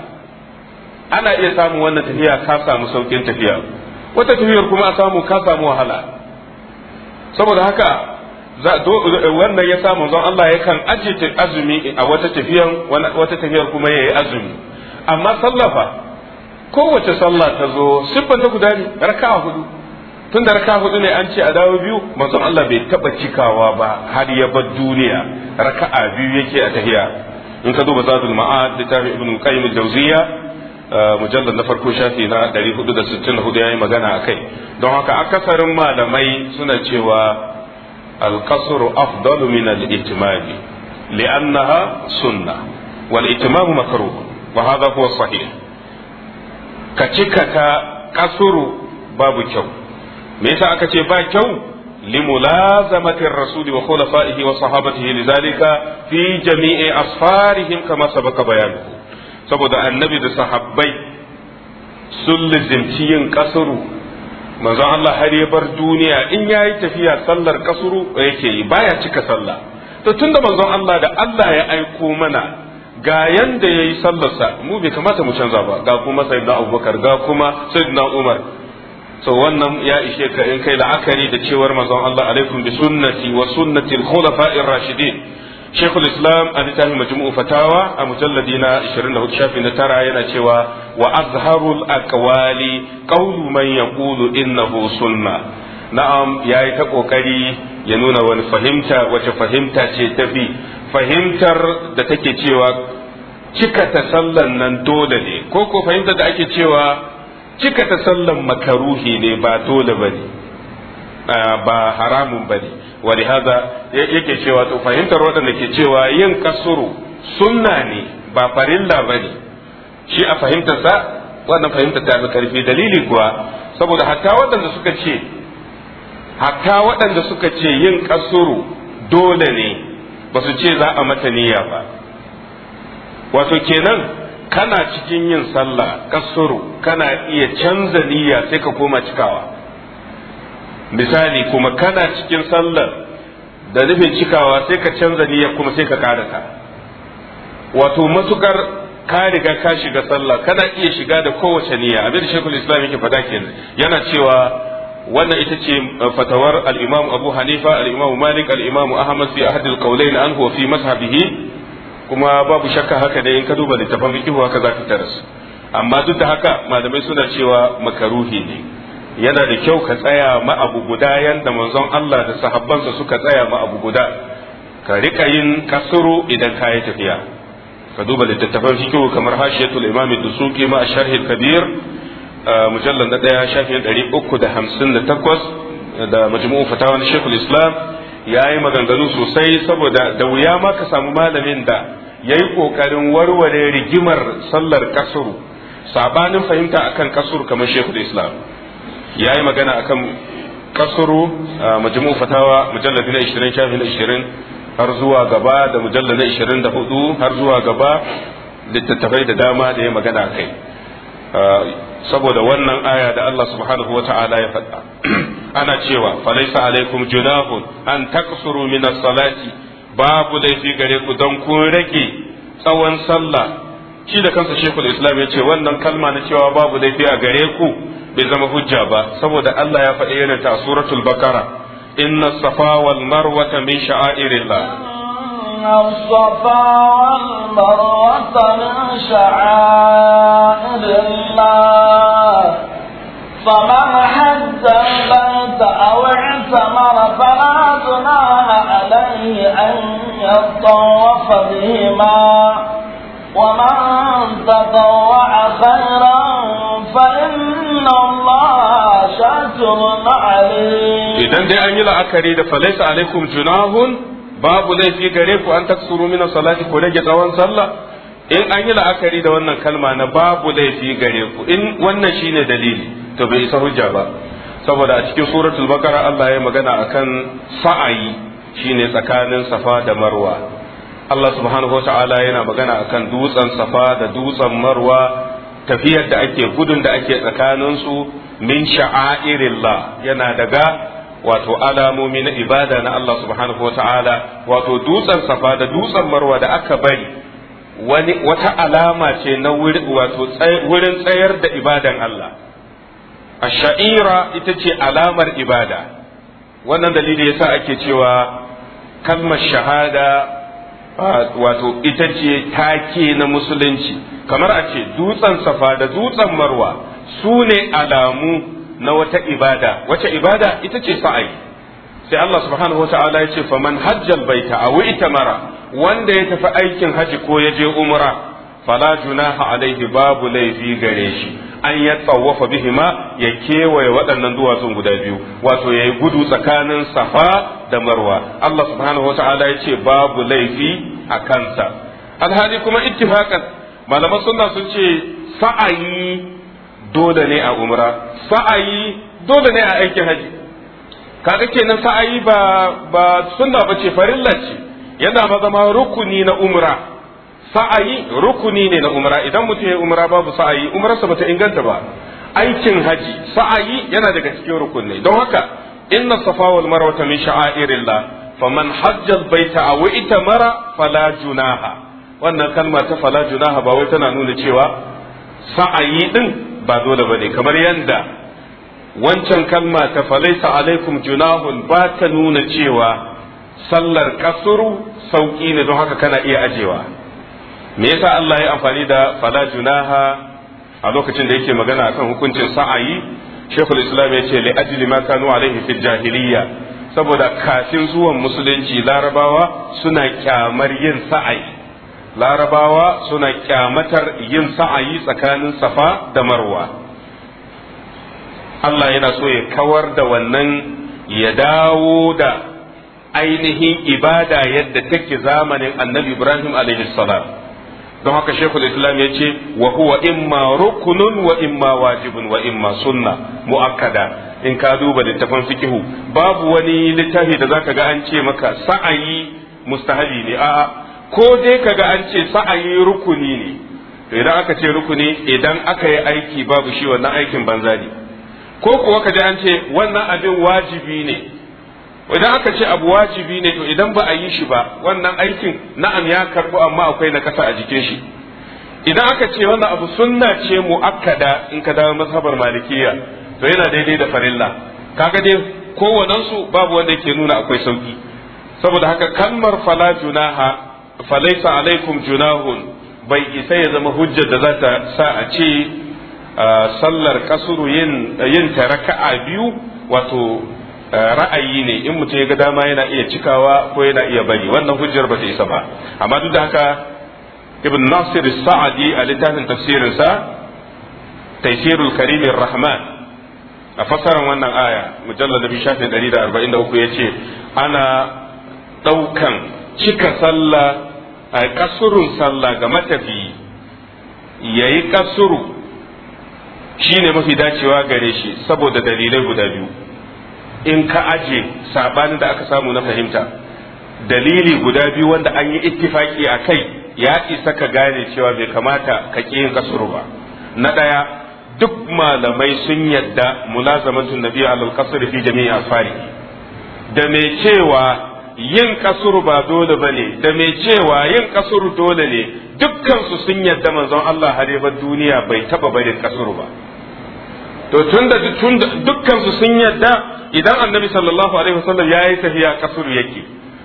Speaker 1: ana iya samun wannan tafiya ka samu saukin tafiya wata tafiyar kuma a samu ka samu wahala saboda haka wannan ya samu zan Allah yakan ajiye azumi a wata tafiyar wata tafiyar kuma ya yi azumi amma sallafa kowace sallah ta zo siffanta guda ne raka'a hudu tun da raka hudu ne an ce a dawo biyu manzon Allah bai taba cikawa ba har ya bar duniya raka'a biyu yake a tahiya in ka duba zadul ma'ad littafi ibn qayyim al-jawziya uh, mujallad na farko shafi na 464 yayi magana akai don haka akasarin malamai suna cewa al-qasru afdalu min al-ittimam li'annaha sunnah wal ittimam makruh wa hadha huwa sahih ka cika babu kyau me yasa aka ce ba kyau limulazamati rasuli wa khulafaihi wa sahabatihi lidhalika fi jami'i asfarihim kama sabaka bayan saboda annabi da sahabbai sun lizimci yin kasuru manzon Allah har ya bar duniya in yayi tafiya sallar kasuru yake yi baya cika sallah to tunda manzon Allah da Allah ya aiko mana ga yanda yayi sallarsa mu bai kamata mu canza ba ga kuma sayyidina Abubakar ga kuma sayyidina Umar so wannan ya ishe ka in kai la'akari da cewar manzon Allah alaikum bi sunnati wa sunnati al-khulafa'ir rashidin Sheikh islam a littafin majmu'u fatawa a mujalladi na 24 shafi na tara yana cewa wa azharul aqwali qawlu man yaqulu innahu sunna na'am yayi ta kokari ya nuna wani fahimta wace fahimta ce tafi fahimtar da take cewa cika ta sallan nan dole ne ko ko fahimtar da ake cewa cika ta sallan makaruhi ne ba dole ne. ba haramun ba ne. wa haza yake cewa to fahimtar waɗanda ke cewa yin kasuru sunna ne ba farilla ba ne. shi a fahimtarsa wannan fahimtar ta fi karfi dalili kuwa saboda hatta waɗanda suka ce hatta waɗanda suka ce yin kasuru dole ne ba su ce za a mata niyya ba wato kenan kana cikin yin sallah kasuru kana iya canza niyya sai ka koma cikawa misali kuma kana cikin sallar da nufin cikawa sai ka canza niyya kuma sai ka karata wato matukar ka riga ka shiga sallah kana iya shiga da kowace niyya abin da shekul islam yake faɗa kenan yana cewa wannan ita ce uh, fatawar al-imam abu hanifa al-imam malik al-imam ahmad fi ahad al-qawlayn anhu fi mazhabihi kuma babu shakka haka ne in ka duba littafin fiqh haka zaka tarasu amma duk da haka malamai suna cewa makaruhi ne yana da kyau ka tsaya ma abu guda yanda manzon Allah da sahabbansa suka tsaya ma abu guda ka rika yin kasuru idan ka yi tafiya ka duba littattafan fikihu kamar hashiyatul imam ad-dusuqi ma sharh al-kabir mujallal na daya shafin 358 da majmu'u fatawa na shaykhul islam yayi maganganu sosai saboda da wuya ma ka samu malamin da ya yi ƙoƙarin warware rigimar sallar kasur sabanin fahimta akan kasur kamar shekul islam ya yi magana akan kasuru majmu fatawa mujallabi na 20 shafi na 20 har zuwa gaba da mujallabi na 24 har zuwa gaba littattafai da dama da ya magana kai saboda wannan aya da Allah subhanahu wata'ala ya faɗa ana cewa falaisa alaikum junahun an taksuru min as-salati babu laifi gare ku don kun rage tsawon sallah shi da kansa shekul islam ya ce wannan kalma na cewa babu laifi a gare ku bai zama hujja ba saboda Allah ya faɗi yana ta suratul bakara inna safa wal marwa min sha'airillah
Speaker 2: الصفا فمن حج البيت أو اعتمر فلا جناح عليه أن يطوف بهما ومن تطوع خيرا فإن الله شاكر عليم إذا دي
Speaker 1: أن يلا فليس عليكم جناح babu laifi gare ku an taksuru mina salati ko rage tsawon sallah in an yi la'akari da wannan kalma na babu laifi gare ku in wannan shine dalili to bai isa hujja ba saboda a cikin suratul bakara Allah ya magana akan sa'ayi shine tsakanin safa da marwa Allah subhanahu ta'ala yana magana akan dutsen safa da dutsen marwa tafiyar da ake gudun da ake tsakanin su min sha'airillah yana daga wato alamomi na ibada na Allah subhanahu ta'ala wato dutsen safa da dutsen marwa da aka bari wani wata alama ce na wurin tsayar da ibadan Allah ash-sha'ira ita ce alamar ibada wannan dalili yasa ake cewa kalmar shahada wato ita ce take na musulunci kamar a ce dutsen safa da dutsen marwa su ne alamu na wata ibada wace ibada ita ce sa'ai. sai Allah subhanahu wata'ala ya ce faman hajjal baita aw itamara wanda ya tafi aikin haji ko ya je umra fala junaha alaihi babu laifi gare shi an ya tsawafa bihima ya kewaye waɗannan duwatsun guda biyu wato ya yi gudu tsakanin safa da marwa Allah subhanahu wa ya ce babu laifi a kansa alhali kuma ittifaqan malaman sunna sun ce sa'ayi dole ne a umra sa'ayi dole ne a aikin haji kaga kenan sa'ayi ba ba sunna bace farilla ce yana ma zama rukuni na umra sa'ayi rukuni ne na umra idan mutum ya umra babu sa'ayi umrarsa bata inganta ba aikin haji sa'ayi yana daga cikin rukunai don haka inna safa wal marwa min sha'airillah faman hajja baita aw itamara fala junaha wannan kalma ta fala junaha ba wai tana nuna cewa sa'ayi din ba dole bane kamar yanda wancan kalma ta falaisa alaikum junahun ba ta nuna cewa sallar kasuru sauki ne don haka kana iya ajewa me yasa Allah ya amfani da fala junaha a lokacin da yake magana akan hukuncin sa'ayi shekul islam ya ce li ajli ma kanu alaihi fil jahiliya saboda kafin zuwan musulunci larabawa suna kyamar yin sa'ayi larabawa suna kyamatar yin sa'ayi tsakanin safa da marwa Allah yana so ya kawar da wannan ya dawo da ainihin ibada yadda take zamanin annabi ibrahim alaihi salam don haka shekul islam ya ce wa huwa imma rukunun wa imma wajibun wa imma sunna mu'akkada in ka duba littafin fikihu babu wani littafi da zaka ga an ce maka sa'ayi mustahabi ne a'a ko dai kaga an ce sa'ayi rukuni ne to idan aka ce rukuni idan aka yi aiki babu shi wannan aikin banza ne ko kuwa kaje an ce wannan abin wajibi ne idan aka ce abu wajibi ne to idan ba a yi shi ba wannan aikin na'am ya karbu amma akwai na kasa a jikin shi idan aka ce wannan abu sunna ce akada in ka dawo mazhabar malikiya to yana daidai da farilla kaga dai su babu wanda yake nuna akwai sauki saboda haka kalmar fala junaha falaisa alaikum junahun bai isa ya zama hujjar da za ta sa a ce ah, sallar kasuru yin yin ta biyu wato ra'ayi ne in mutum ya ga dama yana iya cikawa ko yana iya bari wannan hujjar ba ta isa ba amma duk da haka ibn nasir sa'adi a littafin tafsirinsa taysirul Karimin rahman a fasaran wannan aya mujallad bi shafin 143 yace ana daukan cika sallah a kasurun sallah ga matafi yayi kasuru shine mafi dacewa gare shi saboda dalilai guda biyu in ka aje sabanin da aka samu na fahimta dalili guda biyu wanda an yi ittifaki a kai ya isa ka gane cewa bai kamata ka ƙi yin kasuru ba na ɗaya duk malamai sun yadda mulazamantun nabi alal kasr fi jami'i asfari da mai cewa yin kasuru ba dole ba da mai cewa yin kasuru dole ne dukkansu sun yadda manzon Allah har duniya bai taɓa barin kasuru ba to tun da dukkan su sun yadda idan annabi sallallahu alaihi wasallam yayi tafiya kasur yake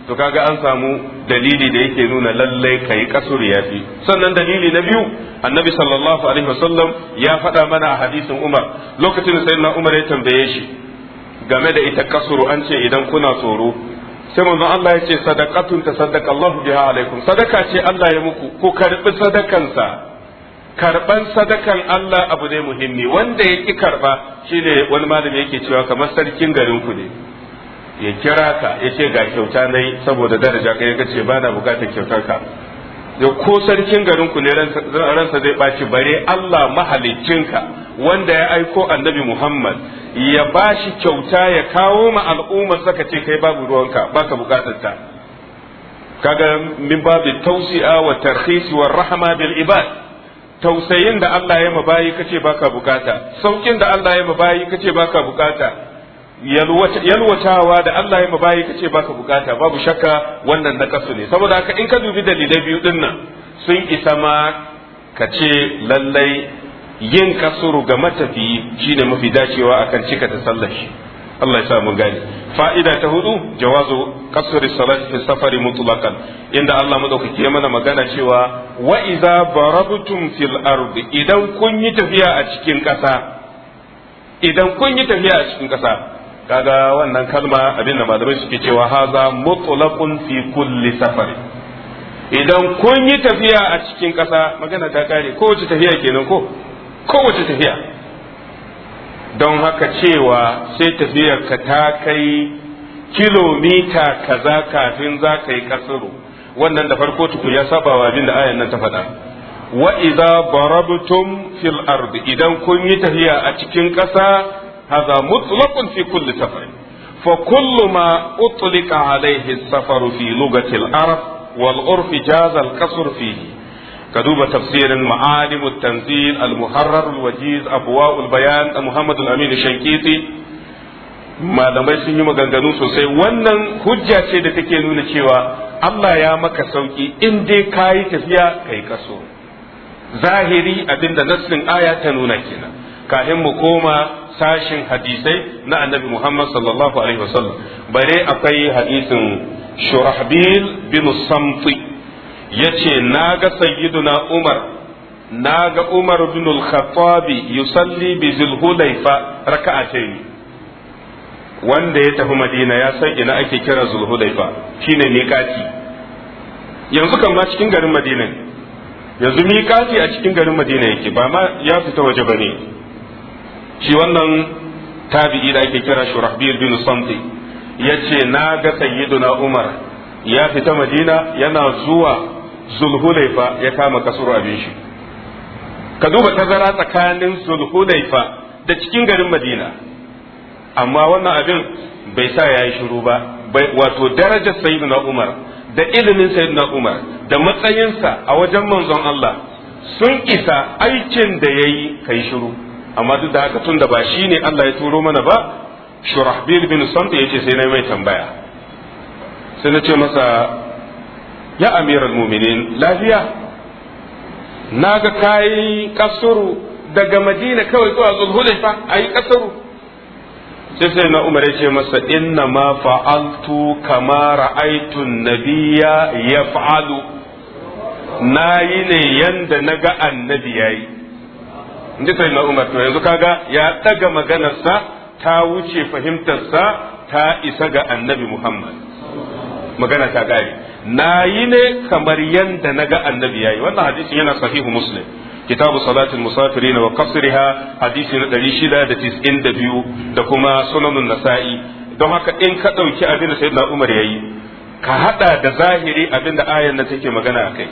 Speaker 1: to kaga an samu dalili da yake nuna lallai kai kasur yafi sannan dalili na biyu annabi sallallahu alaihi wasallam ya faɗa mana a hadisin Umar lokacin da na Umar ya tambaye shi game da ita kasuru an ce idan kuna tsoro sai manzon Allah ya ce sadaqatun ta Allah biha alaikum sadaka ce Allah ya muku ko karbi sadakansa karban sadakan Allah abu ne muhimmi wanda ya ki karba ne wani malami yake cewa kamar sarkin garin ku ne ya kira ka ya ce ga kyauta na yi saboda daraja ka ce ba na bukatar kyautar ka ya ko sarkin garin ku ne ransa zai ɓaci bare Allah ka wanda ya aiko annabi Muhammad ya ba shi kyauta ya kawo ma al'ummar saka ce kai babu ruwanka baka bukatar ta kaga min babu tausi'a wa tarhisi wa rahama bil ibad tausayin da Allah ya mabayi kace baka bukata saukin da Allah ya mabayi kace baka bukata yalwatawa da Allah ya mabayi kace baka bukata babu shakka wannan kasu ne saboda haka in ka dubi dalilai biyu din nan sun isa ma kace lallai yin kasuru ga matafi shine mafi dacewa akan cika ta sallar Allah ya sa mu gane fa'ida ta hudu jawazu kasri salati fi safari mutlaqan inda Allah madaukaki ya mana magana cewa wa idza barabtum fil ardi idan kun yi tafiya a cikin kasa idan kun yi tafiya a cikin kasa kaga wannan kalma abinda malamai suke cewa haza mutlaqun fi kulli safari idan kun yi tafiya a cikin kasa magana ta kare kowace tafiya kenan ko kowace tafiya don haka cewa sai tafiyarka ta kai kilomita kaza kafin za ka yi kasuru wannan da farko tuku ya saba wa abin da ayan nan ta faɗa wa idza barabtum fil idan kun yi tafiya a cikin ƙasa haza mutlaqun fi kulli safar fa kullu ma utlika alayhi safaru fi lugatil arab wal urfi jaza al qasr fihi ka duba tafsirin ma'alimu tanzil al-muharrar al-wajiz abwa'ul bayan Muhammad Shankiti malamai sun yi maganganu sosai wannan hujja ce da take nuna cewa Allah ya maka sauki in dai kayi tafiya kai kaso zahiri abinda nassin aya ta nuna kenan kafin mu koma sashin hadisai na annabi Muhammad sallallahu alaihi wasallam bare akwai hadisin Shurahbil bin Samti yace na ga sayyiduna umar na ga umar bin al-khattabi yusalli bi zulhulaifa raka'atayn wanda ya tafi madina ya san ina ake kira zulhulaifa shine miqati yanzu kan ma cikin garin madina yanzu yanzu miƙati a cikin garin madina yake ba ma ya fita waje ba ne shi wannan tabi'i da ake kira shurahbir bin samti ya ce na ga sayyiduna umar ya fita madina yana zuwa zulhulaifa ya kama kasuru abin shi ka duba tazara tsakanin zulhulaifa da cikin garin madina amma wannan abin bai sa ya yi shiru ba wato darajar sayyidina umar da ilimin sayyidina umar da matsayinsa a wajen manzon Allah sun isa aikin da ya yi kai shiru amma duk da haka tun da ba shi ne Allah ya turo mana ba shurahbil bin samta ya ce sai na mai tambaya sai na ce masa ya amiral muminin lafiya Naga ga kayi kasuru daga madina kawai zuwa zulhulaifa a yi kasuru sai sai na umar ya ce masa inna ma fa'altu kama ra'aitun nabiya ya fa'alu na yi ne yanda na ga annabi ya yi inda sai na umar to yanzu kaga ya ɗaga maganarsa ta wuce fahimtarsa ta isa ga annabi muhammad magana ta kare na yi ne kamar yadda na ga annabi yayi wannan hadisi yana sahihu muslim kitabu salatul musafirin wa qasriha hadisi na 692 da kuma sunanun nasa'i don haka in ka ɗauki abinda da sayyidina umar yayi ka haɗa da zahiri abinda da ayan take magana kai.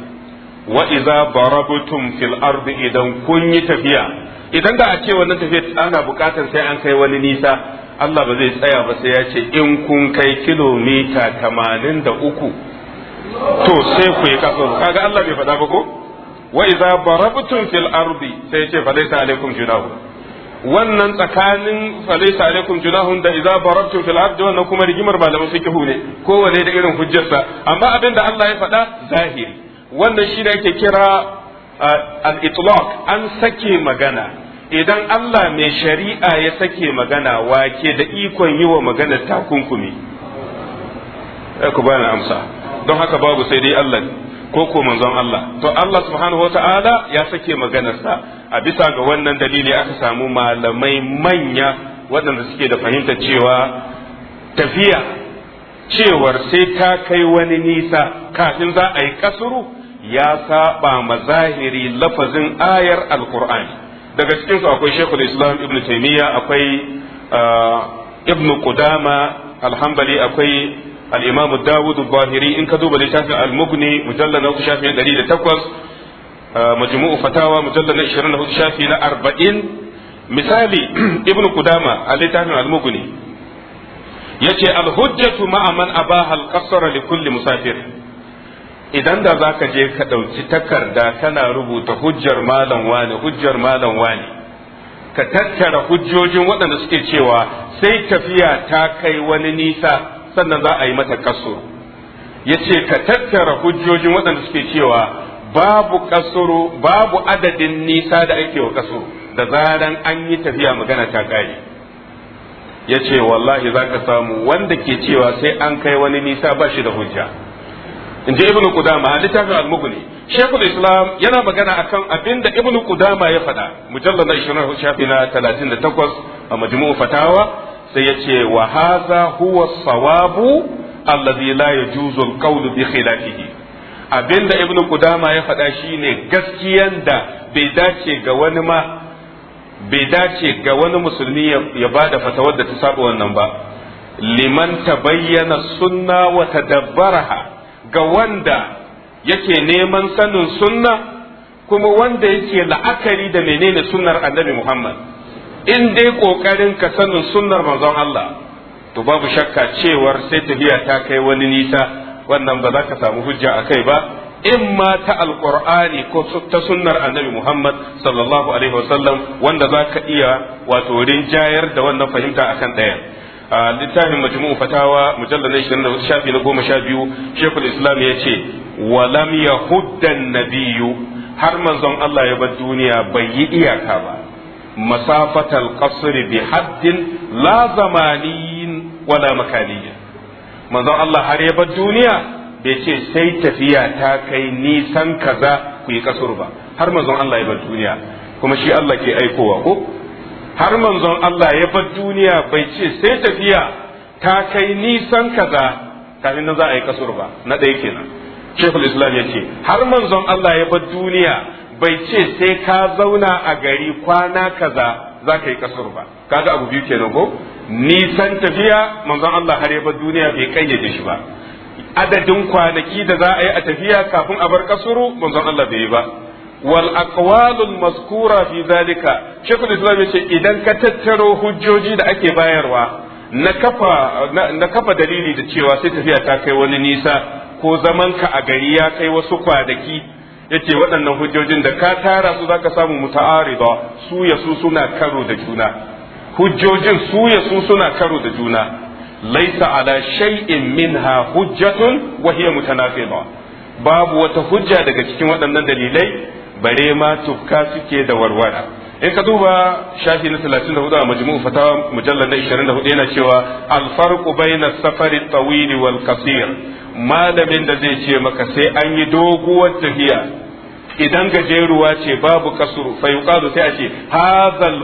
Speaker 1: wa iza barabtum fil ardi idan kun yi tafiya idan da a ce wannan tafiya ana bukatar sai an kai wani nisa Allah ba zai tsaya ba sai ya ce in kun kai kilomita tamanin da uku
Speaker 2: to sai ku yi kasar
Speaker 1: kaga Allah bai faɗa ba ko wa iza barabtum fil ardi sai ya ce fa laysa alaikum junahu wannan tsakanin fa laysa alaikum junahun da iza barabtum fil ardi wannan kuma rigimar malaman fiqhu ne kowane da irin hujjarsa amma abin da Allah ya faɗa zahiri wannan shi ake kira al-itlaq an sake magana idan Allah mai shari'a ya sake magana wake da ikon yi wa magana takunkumi eh, ku bani amsa don haka babu sai dai Allah ko ko manzon Allah to Allah subhanahu wata'ala ya sake maganarsa a bisa ga wannan dalili aka samu malamai manya waɗanda suke da fahimtar cewa tafiya cewar sai ta kai wani nisa kafin za a yi kasuru ya saba mazahiri zahiri lafazin ayar alkur'ani daga cikin su akwai shekul islam ibn taimiyya akwai ah, ibn Kudama alhambali akwai al dawud bahiri in ka duba littafin al-mughni mujallal na shafi takwas, ah, majmu'u fatawa mujallal na ishirin 24 shafi na arba'in, misali ibn Kudama a littafin al-mughni yace al-hujjatu ma'a man abaha al-qasra li kulli musafir idan da zaka je ka dauki takarda kana rubuta hujjar malam wani hujjar malam wani ka tattara hujjojin waɗanda suke cewa sai tafiya ta kai wani nisa sannan za a yi mata kaso yace ka tattara hujjojin waɗanda suke cewa babu kasuru babu adadin nisa da ake wa kasuru da zaran an yi tafiya magana ta kare ya ce wallahi za ka samu wanda ke cewa sai an kai wani nisa ba shi da hujja in ji ibn kudama a littafin al muguni shekul islam yana magana akan abinda da ibnu kudama ya faɗa mujallar na 20 shafi na talatin da takwas a majmu'u fatawa sai ya ce wa haza huwa sawabu alladhi la yajuzu al-qawlu bi khilafihi abinda ibnu kudama ya faɗa shine gaskiyan da bai dace ga wani ma bai dace ga wani musulmi ya ba da fatawar da ta saba wannan ba liman ta bayyana sunna wa tadabbaraha ga wanda yake neman sanin sunna kuma wanda yake la'akari da menene sunnar annabi Muhammad in dai kokarin ka sanin sunnar manzon Allah to babu shakka cewar sai tafiya ta kai wani nisa wannan ba za ka samu hujja a kai ba in ma ta alqur'ani ko ta sunnar annabi Muhammad sallallahu alaihi wasallam wanda zaka iya wato rinjayar da wannan fahimta kan ɗaya. littafin majmu'u fatawa mujallar na 20 shafi na 12 shekul islam ya ce walam lam yahuddan nabiyyu har manzon Allah ya bar duniya bai yi iyaka ba masafatal qasri bi haddin la wala Allah har ya bar duniya bai ce sai tafiya ta kai nisan kaza ku yi kasur ba har manzon Allah ya bar duniya kuma shi Allah ke aikowa ko har manzon Allah ya bar duniya bai ce sai tafiya ta kai nisan kaza kafin nan za a yi kasur ba na ɗaya kenan Sheikhul islam ya ce har manzon Allah ya bar duniya bai ce sai ka zauna a gari kwana kaza za ka yi kasur ba kaga abu biyu kenan ko nisan tafiya manzon Allah har ya bar duniya bai kayyade shi ba adadin kwanaki da za a yi a tafiya kafin a bar kasuru manzon Allah bai yi ba wal aqwalul mazkura fi zalika shekul islam yace idan ka tattaro hujjoji da ake bayarwa na kafa na kafa dalili da cewa sai tafiya ta kai wani nisa ko zaman ka a gari ya kai wasu kwanaki yace waɗannan hujjojin da ka tara su zaka samu muta'arida su yasu suna karo da juna hujjojin su yasu suna karo da juna laisa ala shay'in minha hujjatun wa hiya mutanafida babu wata hujja daga cikin waɗannan dalilai bare ma tufka suke da warwara in ka duba shafi na 34 a majmu'u fatawa mujallal na 24 yana cewa al farqu bayna safari tawil wal malamin da zai ce maka sai an yi doguwar tafiya idan gajeruwa ce babu kasuru fa yuqalu sai a ce hadha al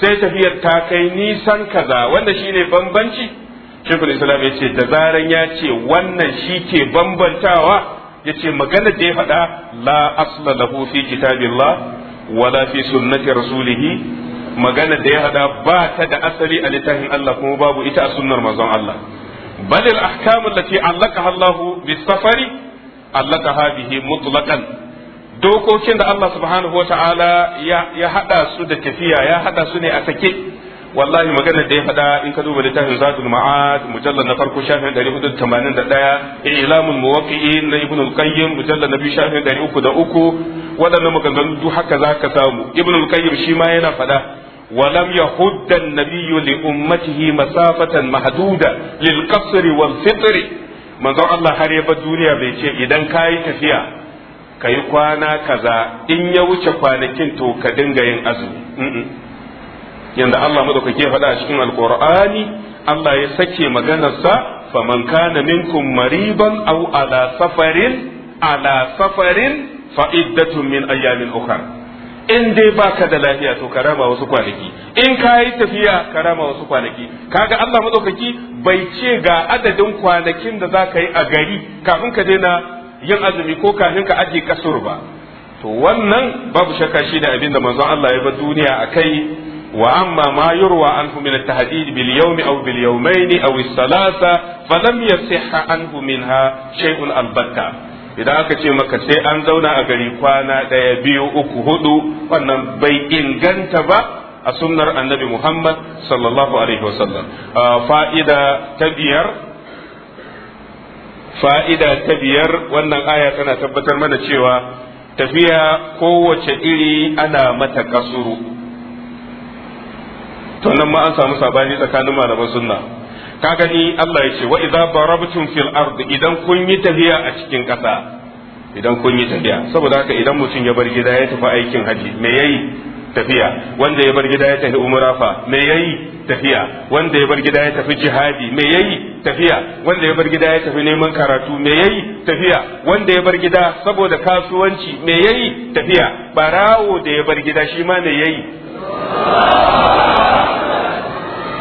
Speaker 1: sai tafiyar ta kai nisan kaza wanda shine bambanci shekul islam ya ce da zaran ya ce wannan shi ke bambantawa ya ce magana da ya faɗa la asla lahu fi kitabillah wala fi sunnati rasulihi magana da ya haɗa ba ta da asali a littafin Allah kuma babu ita a sunnar manzon Allah bal al ahkam allati allaqaha Allah bis safari allaqaha bihi mutlaqan dokokin da Allah subhanahu wa ta'ala ya haɗa su da tafiya ya haɗa su ne a sake wallahi maganar da ya faɗa in ka duba littafin zadul ma'ad mujallal na farko shafin 481 ilamul muwaqqi'in na ibn al-qayyim mujallal na biyu shafin 303 waɗannan maganganu duk haka zaka samu ibn al-qayyim shi ma yana faɗa ولم يحد النبي لأمته مسافة محدودة للقصر والفطر manzon Allah har ya bar duniya bai ce idan kayi tafiya ka yi kwana kaza in ya wuce kwanakin to ka dinga yin azumi yanda Allah madaukake faɗa a cikin alkur'ani Allah ya sake maganarsa faman kana minkum mariban aw ala safarin ala safarin fa iddatun min ayyamin ukhra in dai baka da lafiya to karama wasu kwanaki in ka yi tafiya karama wasu kwanaki kaga Allah madaukaki bai ce ga adadin kwanakin da za ka yi a gari kafin ka daina yin azumi ko kafin ka aje kasur ba to wannan babu shakka shi da abin da manzon Allah ya ba duniya a kai wa amma ma yurwa anhu min at-tahdid bil yawm aw bil yawmayn aw as-salasa falam yasihha anhu minha shay'un albatta idan aka ce maka sai an zauna a gari kwana daya biyu uku hudu wannan bai inganta ba a sunnar annabi Muhammad sallallahu alaihi wasallam ah, fa'ida ta biyar fa'ida ta biyar wannan aya tana tabbatar mana cewa tafiya kowace iri ana mata kasuru to nan ma an samu sabani tsakanin malaman sunna ka gani Allah ya ce wa idza barabtum fil ard idan kun yi tafiya a cikin ƙasa idan kun yi tafiya saboda haka idan mutum ya bar gida ya tafi aikin haji me yayi tafiya wanda ya bar gida ya tafi umra fa me yayi tafiya wanda ya bar gida ya tafi jihadi me yayi tafiya wanda ya bar gida ya tafi neman karatu me yayi tafiya wanda ya bar gida saboda kasuwanci me yayi tafiya barawo da ya bar gida shi ma me yayi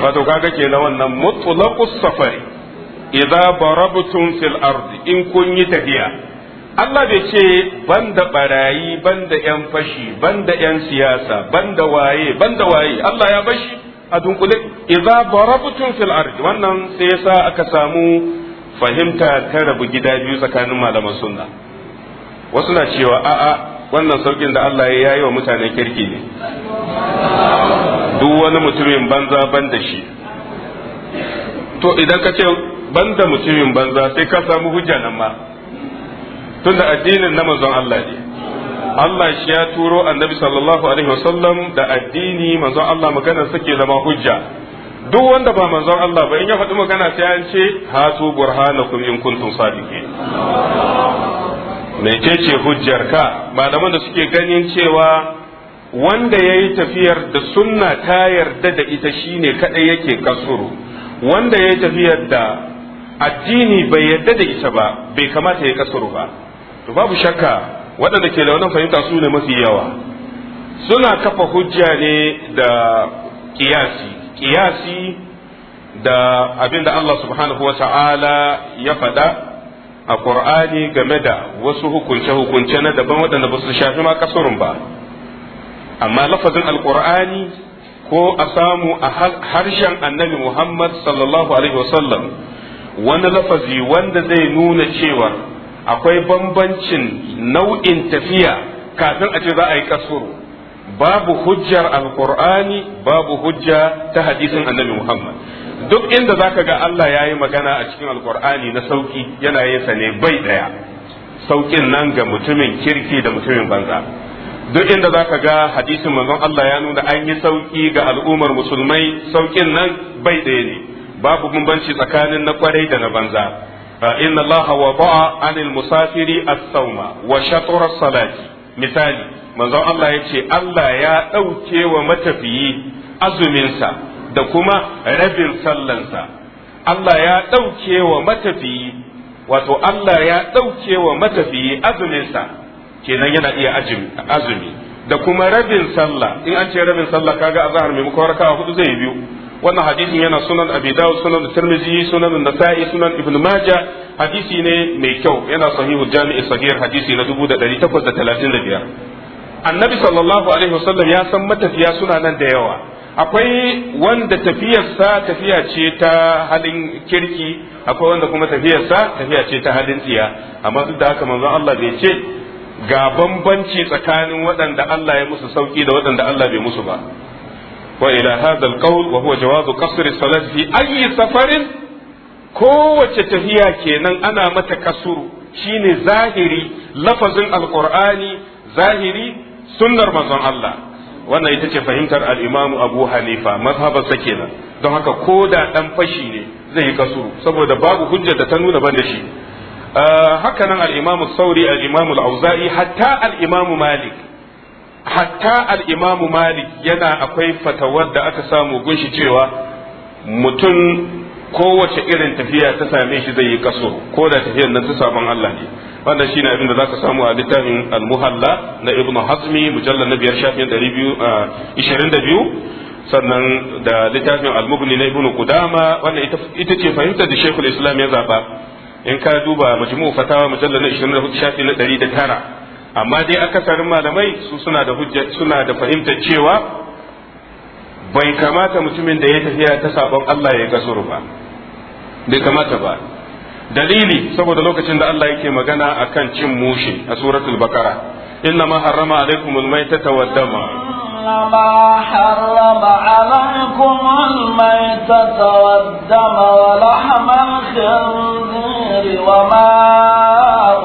Speaker 1: wato kaga kenan wannan mutlaqus safari idza barabtum fil ardi in kun yi tafiya Allah bai ce banda barayi banda yan fashi banda yan siyasa banda waye banda waye Allah ya bashi a dunkule idza barabtum fil ard wannan sai yasa aka samu fahimta ta rabu gida biyu tsakanin malaman sunna wasu na cewa a'a wannan saukin da Allah ya yi wa mutanen kirki ne duk wani mutumin banza banda shi to idan ka ce banda mutumin banza sai ka samu hujja nan ma tunda addinin na manzon Allah ne Allah shi ya turo annabi sallallahu alaihi wasallam da addini manzon Allah magana suke zama hujja duk wanda ba manzon Allah ba in ya faɗi magana sai an ce hatu burhanakum in kuntum sadiqin ce hujjar ka malaman da suke ganin cewa wanda yayi tafiyar da sunna ta yarda da ita shine kadai yake kasuru wanda yayi tafiyar da addini bai yarda da ita ba bai kamata ya kasuru ba to babu shakka waɗanda ke da wannan fahimta su ne mafi yawa suna kafa hujja ne da kiyasi kiyasi da abin da Allah subhanahu wa ta'ala ya faɗa a ƙur'ani game da wasu hukunce-hukunce na daban waɗanda ba su shafi ma kasurun ba amma lafazin alƙur'ani ko a samu a harshen annabi muhammad sallallahu alaihi wasallam wani lafazi wanda zai nuna cewa akwai bambancin nau'in tafiya kafin a ce za a yi kasuru babu hujjar alkur'ani babu hujja ta hadisin annabi muhammad duk inda zaka ga Allah ya yi magana a cikin alkur'ani na sauki yana yin sa ne bai daya saukin nan ga mutumin kirki da mutumin banza duk inda zaka ga hadisin manzon Allah ya nuna an yi sauki ga al'ummar musulmai saukin nan bai daya ne babu bambanci tsakanin na kwarai da na banza inna allaha wada'a anil musafiri as-sawma wa shatr salati misali manzon Allah ce Allah ya dauke wa matafiyi azuminsa da kuma rabin sallansa Allah ya dauke wa matafiyi wato Allah ya dauke wa matafiyi azuminsa kenan yana iya azumi da kuma rabin sallah in an ce rabin sallah kaga azhar mai muka warkawa hudu zai yi biyu wannan hadisin yana sunan abi dawud sunan tirmidhi sunan nasa'i sunan ibn majah hadisi ne mai kyau yana sahihu jami'i sahih hadisi na 1835 annabi sallallahu alaihi wasallam ya san matafiya suna nan da yawa akwai wanda tafiyarsa tafiya ce ta halin kirki akwai wanda kuma tafiyarsa tafiya ce ta halin tsiya amma duk da haka manzon Allah bai ce ga bambanci tsakanin waɗanda Allah ya musu sauki da waɗanda Allah bai musu ba وإلى هذا القول وهو جواز قصر الصلاة في أي سفر kowace tafiya kenan ana mata kasuru shine zahiri lafazin alqur'ani zahiri sunnar manzon Allah wannan ita ce fahimtar al-Imam Abu Hanifa mazhabarsa kenan don haka ko da dan fashi ne zai yi kasuru saboda babu hujja da ta nuna ban da shi haka nan al-Imam Sauri al-Imam al-Auza'i hatta al-Imam Malik hatta al'imamu malik yana akwai fatawar da aka samu gunshi cewa mutum kowace irin tafiya ta same shi zai yi kaso ko da tafiyar nan ta saban Allah ne wannan shi ne abinda za ka samu a littafin al-muhalla na ibn hazmi mujallar na biyar shafin ishirin da biyu sannan da littafin al-mubni na ibn qudama wannan ita ce fahimtar da shekul islam ya zaba in ka duba majmu fatawa mujallar na ishirin da shafi na ɗari da tara amma dai akasarin malamai su suna da hujja suna da fahimtar cewa bai kamata mutumin da ya tafiya ta sabon Allah ya kasuru ba bai kamata ba dalili saboda lokacin da Allah yake magana akan cin mushi a suratul baqara inna ma harrama alaikumul maitata wad dama
Speaker 2: إنما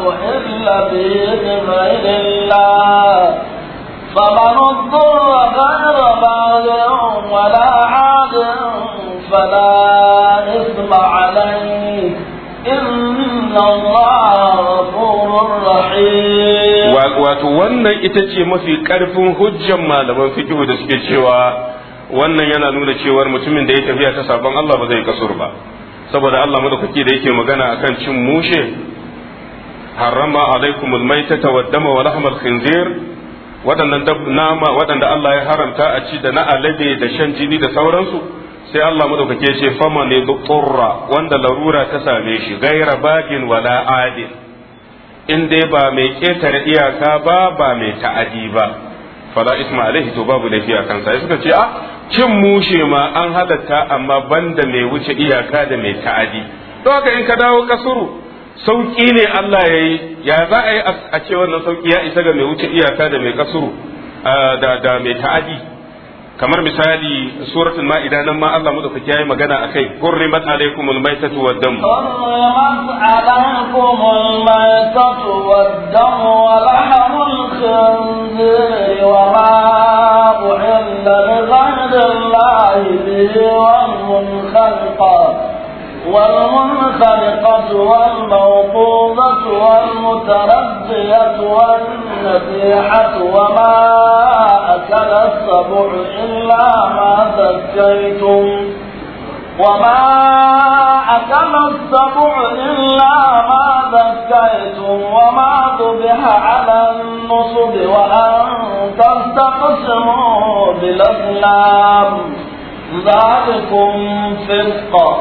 Speaker 2: wa سبيل غير الله فمن غير ولا عاد فلا إثم عليه إن الله غفور رحيم
Speaker 1: wannan ita ce mafi ƙarfin hujjan malaman fikihu da suke cewa wannan yana nuna cewar mutumin da ya tafiya ta sabon Allah ba zai kasur ba saboda Allah madaukaki da yake magana akan cin mushe harrama alaikum almaitata waddama wa lahmal khinzir wadannan nama waɗanda Allah ya haramta a ci da na alade da shan jini da sauransu sai Allah madaukake ce fama ne turra wanda larura ta same shi gaira bagin wala adin in dai ba mai ketare iyaka ba ba mai ta'adi ba fala isma alaihi to babu laifi a kansa sai suka ce a ah, cin mushe ma an hadatta amma banda mai wuce iyaka da mai ta'adi to haka in ka dawo kasuru sauƙi ne Allah ya yi ya za a yi a ce wannan sauƙi ya isa ga mai wuce iyaka da mai kasuru da mai ta'adi kamar misali suratul ma'ida nan ma Allah madaukaki yayi magana akai hurrimat alaykumul maytatu wad-dam
Speaker 2: hurrimat alaykumul maytatu wad-dam wa lahmul khinzir wa ma uhilla li ghayri Allah bihi wa والمنخلقة والموقوظة والمتردية والنبيحة وما أكل السبع إلا ما زكيتم وما أكل السبع إلا ما زكيتم وما ذبح على النصب وأن تستقسموا بالأسلام ذلكم فسق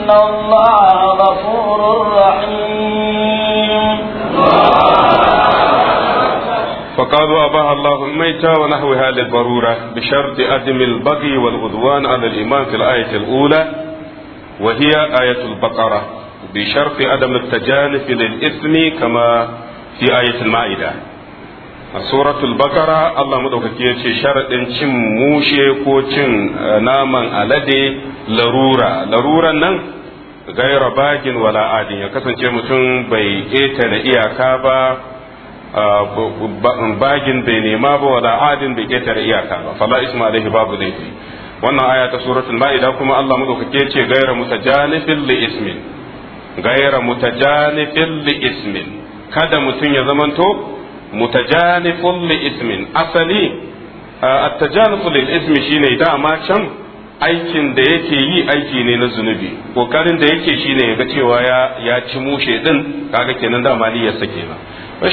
Speaker 2: إن الله غفور رحيم
Speaker 1: فقالوا أباها الله الميتة ونحوها للضرورة بشرط أدم البغي والعدوان على الإيمان في الآية الأولى وهي آية البقرة بشرط عدم التجانف للإثم كما في آية المائدة a suratul bakara Allah madaukaki ya ce sharaɗin cin mushe ko cin eh, naman alade larura laruran nan gaira bagin wala adin ya kasance mutum bai keta da iyaka eh, ba bagin bai nema ba wala adin bai keta da iyaka ba fala isma alaihi babu laifi wannan aya ta suratul ma'ida kuma Allah madaukaki ya ce gaira mutajanifin li ismin gaira mutajanifin li ismin kada mutum ya zamanto mutajanifun li ismin asali at-tajanifu ismi shine can aikin da yake yi aiki ne na zunubi kokarin da yake shine ya ga cewa ya ya ci mushe din kaga kenan da dama niyyarsa kenan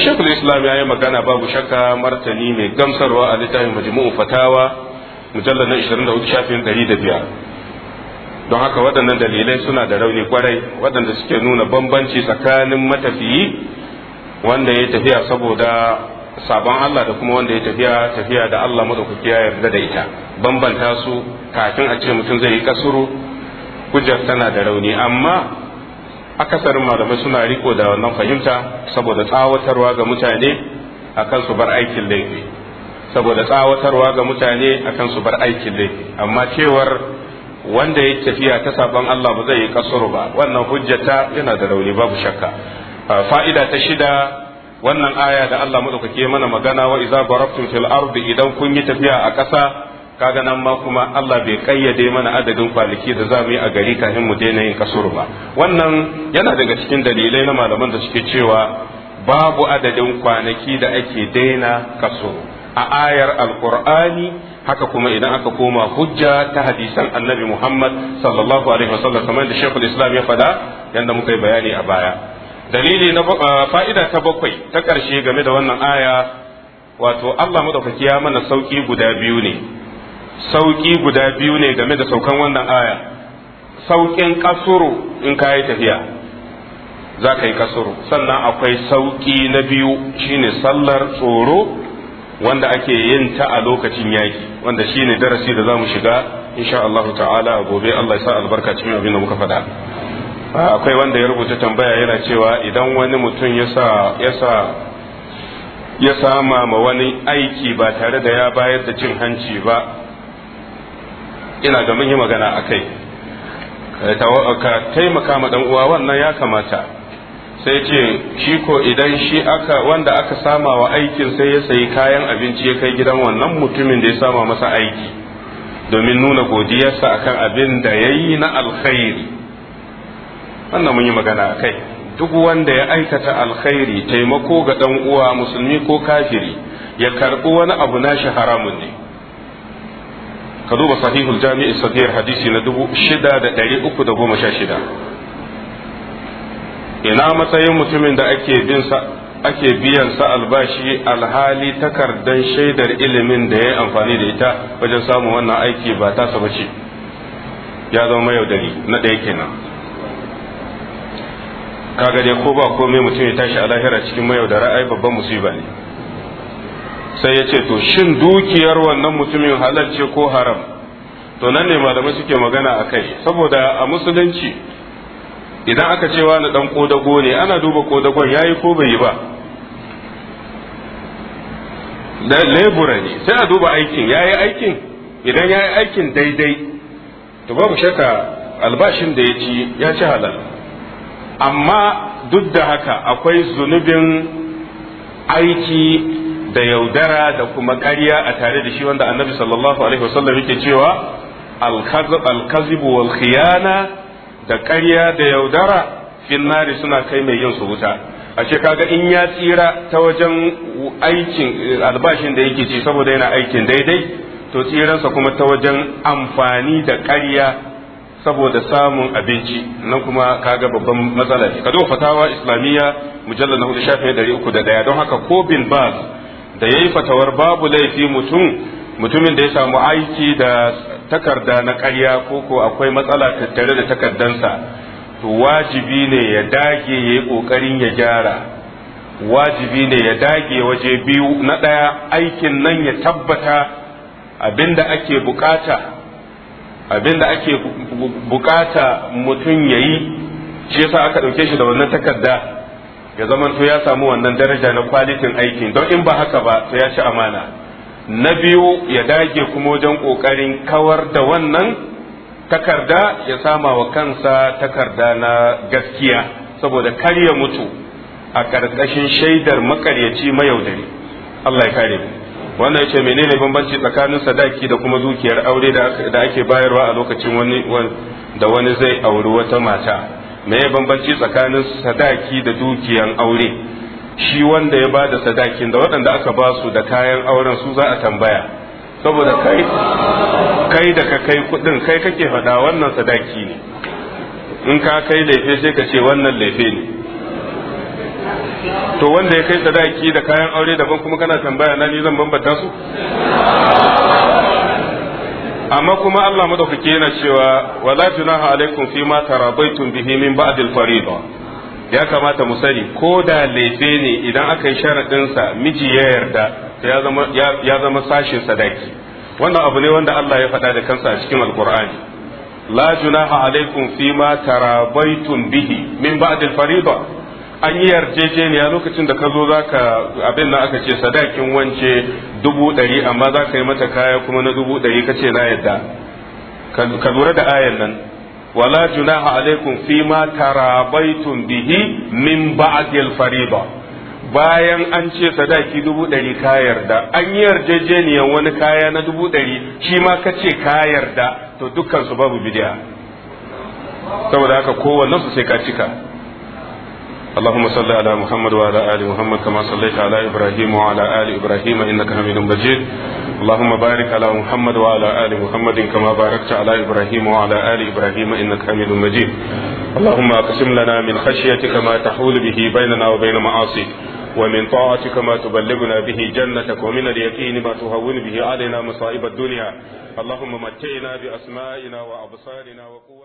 Speaker 1: Shekul Islam ya yi magana babu shakka martani mai gamsarwa a littafin majmu'u fatawa mujallar na 24 shafin 105 don haka waɗannan dalilai suna da rauni kwarai waɗanda suke nuna bambanci tsakanin matafiyi wanda ya tafiya saboda sabon Allah da kuma wanda ya tafiya tafiya da Allah madaukakiya ya yarda da ita bambanta su kafin a ce mutum zai yi kasuru hujjar tana da rauni amma akasarin malamai suna riko da wannan fahimta saboda tsawatarwa ga mutane akan su bar aikin laifi saboda tsawatarwa ga mutane akan su bar aikin laifi amma cewar wanda ya tafiya ta sabon Allah ba zai yi kasuru ba wannan hujjata yana da rauni babu shakka fa'ida ta shida wannan aya da Allah madaukake mana magana wa iza barabtum fil ardi idan kun yi tafiya a ƙasa kaga nan ma kuma Allah bai kayyade mana adadin kwanaki da za mu yi a gari kafin mu daina yin kasuru ba wannan yana daga cikin dalilai na malaman da suke cewa babu adadin kwanaki da ake daina kasuru a ayar alqur'ani haka kuma idan aka koma hujja ta hadisan annabi Muhammad sallallahu alaihi wasallam kamar da Sheikhul Islam ya faɗa yanda muka yi bayani a baya dalili na ah, fa'ida ta bakwai ta ƙarshe game da wannan aya wato Allah madaukaki ya mana sauki guda biyu ne sauki guda biyu ne game da saukan wannan aya Sauƙin kasuru in ka yi tafiya za ka yi kasuru sannan akwai sauƙi na biyu shine sallar tsoro wanda ake yin ta a lokacin yaki wanda shine darasi da za mu shiga insha Allah ta'ala gobe Allah ya sa albarka cikin abin da muka faɗa Ah, akwai wanda ya rubuta tambaya yana cewa idan wani mutum ya sama ma wani aiki ba tare da ya bayar da cin hanci ba ina da yi magana a kai eh, ka taimaka ma dan uwa wannan ya kamata sai ce shi ko idan shi aka wanda aka sama wa aikin sai ya sayi kayan abinci ya kai gidan wannan mutumin da ya sama masa aiki domin nuna godiyarsa akan abin da ya yi na alkhairi wannan mun yi magana a kai duk wanda ya aikata alkhairi taimako ga dan uwa musulmi ko kafiri ya karbi wani abu nashi haramun ne ka duba sahihul jami'i sagir hadisi na dubu shida da ɗari uku da goma sha shida ina matsayin mutumin da ake bin sa ake biyan sa albashi alhali takardar shaidar ilimin da ya amfani da ita wajen samun wannan aiki ba tasa ce ya zama yaudari na ɗaya kenan kaga dai ko ba komai mutum ya tashi a lahira cikin mayaudara ra'ayi babban musiba ne sai ya ce to shin dukiyar wannan mutumin halal ce ko haram to nan ne malamai suke magana a kai saboda a musulunci idan aka ce wani dan kodago ne ana duba kodagon yayi ko bai yi ba lebura ne sai a duba aikin yayi aikin idan yayi aikin daidai to babu shaka albashin da ya ci ya ci halal amma duk da haka akwai zunubin aiki da yaudara da kuma ƙarya a tare da shi wanda annabi sallallahu alaihi wasallam yake cewa alkazibu wal khiyana da ƙarya da yaudara finnari suna kai mai yin su wuta a ce kaga in ya tsira ta wajen aikin albashin da yake ci saboda yana aikin daidai to tsiransa kuma ta wajen amfani da ƙarya saboda samun abinci nan kuma kaga babban matsala ne ka fatawa islamiyya mujallar na hudu shafi dari uku da daya don haka ko bin baz da ya yi fatawar babu laifi mutum mutumin da ya samu aiki da takarda na karya ko ko akwai matsala tattare da takardansa to wajibi ne ya dage ya yi ƙoƙarin ya gyara wajibi ne ya dage waje biyu na ɗaya aikin nan ya tabbata abinda ake bukata Abin da ake bukata mutum ya yi shi yasa aka ɗauke shi da wannan takarda ya to ya samu wannan daraja na kwalitin aikin don in ba haka ba to ya ci amana na biyu ya dage kuma wajen ƙoƙarin kawar da wannan takarda ya sama wa kansa takarda na gaskiya saboda kar ya mutu a ƙarƙashin shaidar makaryaci mayaudari Allah ya kare mu wannan yace menene bambanci tsakanin sadaki da kuma dukiyar aure da ake bayarwa a lokacin wani da wani zai auri wata mata me ya bambanci tsakanin sadaki da dukiyan aure shi wanda ya bada sadakin da waɗanda aka ba su da kayan auren su za a tambaya saboda kai kai da ka kai kudin kai kake faɗa wannan sadaki ne in ka kai laife sai ka ce wannan laife ne to wanda ya kai sadaki da kayan aure daban kuma kana tambaya na ni zan bambanta su amma kuma Allah madaukake yana cewa la junaha alaikum fi ma tarabaitum bihi min ba'd al-fariida ya kamata mu sani ko da lefe ne idan aka yi sharadin sa miji ya yarda ya zama ya zama sashin sadaki wannan abu ne wanda Allah ya faɗa da kansa a cikin alqur'ani la junaha alaikum fi ma tarabaitum bihi min ba'd al-fariida an yi yarjejeniya lokacin da ka zo za ka abin nan aka ce sadakin wance dubu ɗari amma za ka yi mata kaya kuma na dubu ɗari ka ce na yadda ka lura da ayan nan wala junaha alaikum fi ma tarabaitum bihi min ba'dil fariba bayan an ce sadaki dubu ɗari ka yarda an yi yarjejeniyar wani kaya na dubu ɗari shi ma ka ce ka yarda to dukkan su babu bidiya saboda haka kowannen su sai ka cika اللهم صل على محمد وعلى آل محمد كما صليت على إبراهيم وعلى آل إبراهيم إنك حميد مجيد اللهم بارك على محمد وعلى آل محمد كما باركت على إبراهيم وعلى آل إبراهيم إنك حميد مجيد اللهم اقسم لنا من خشيتك ما تحول به بيننا وبين معاصيك ومن طاعتك ما تبلغنا به جنتك ومن اليقين ما تهون به
Speaker 2: علينا مصائب الدنيا اللهم متعنا
Speaker 1: بأسمائنا وأبصارنا وقوة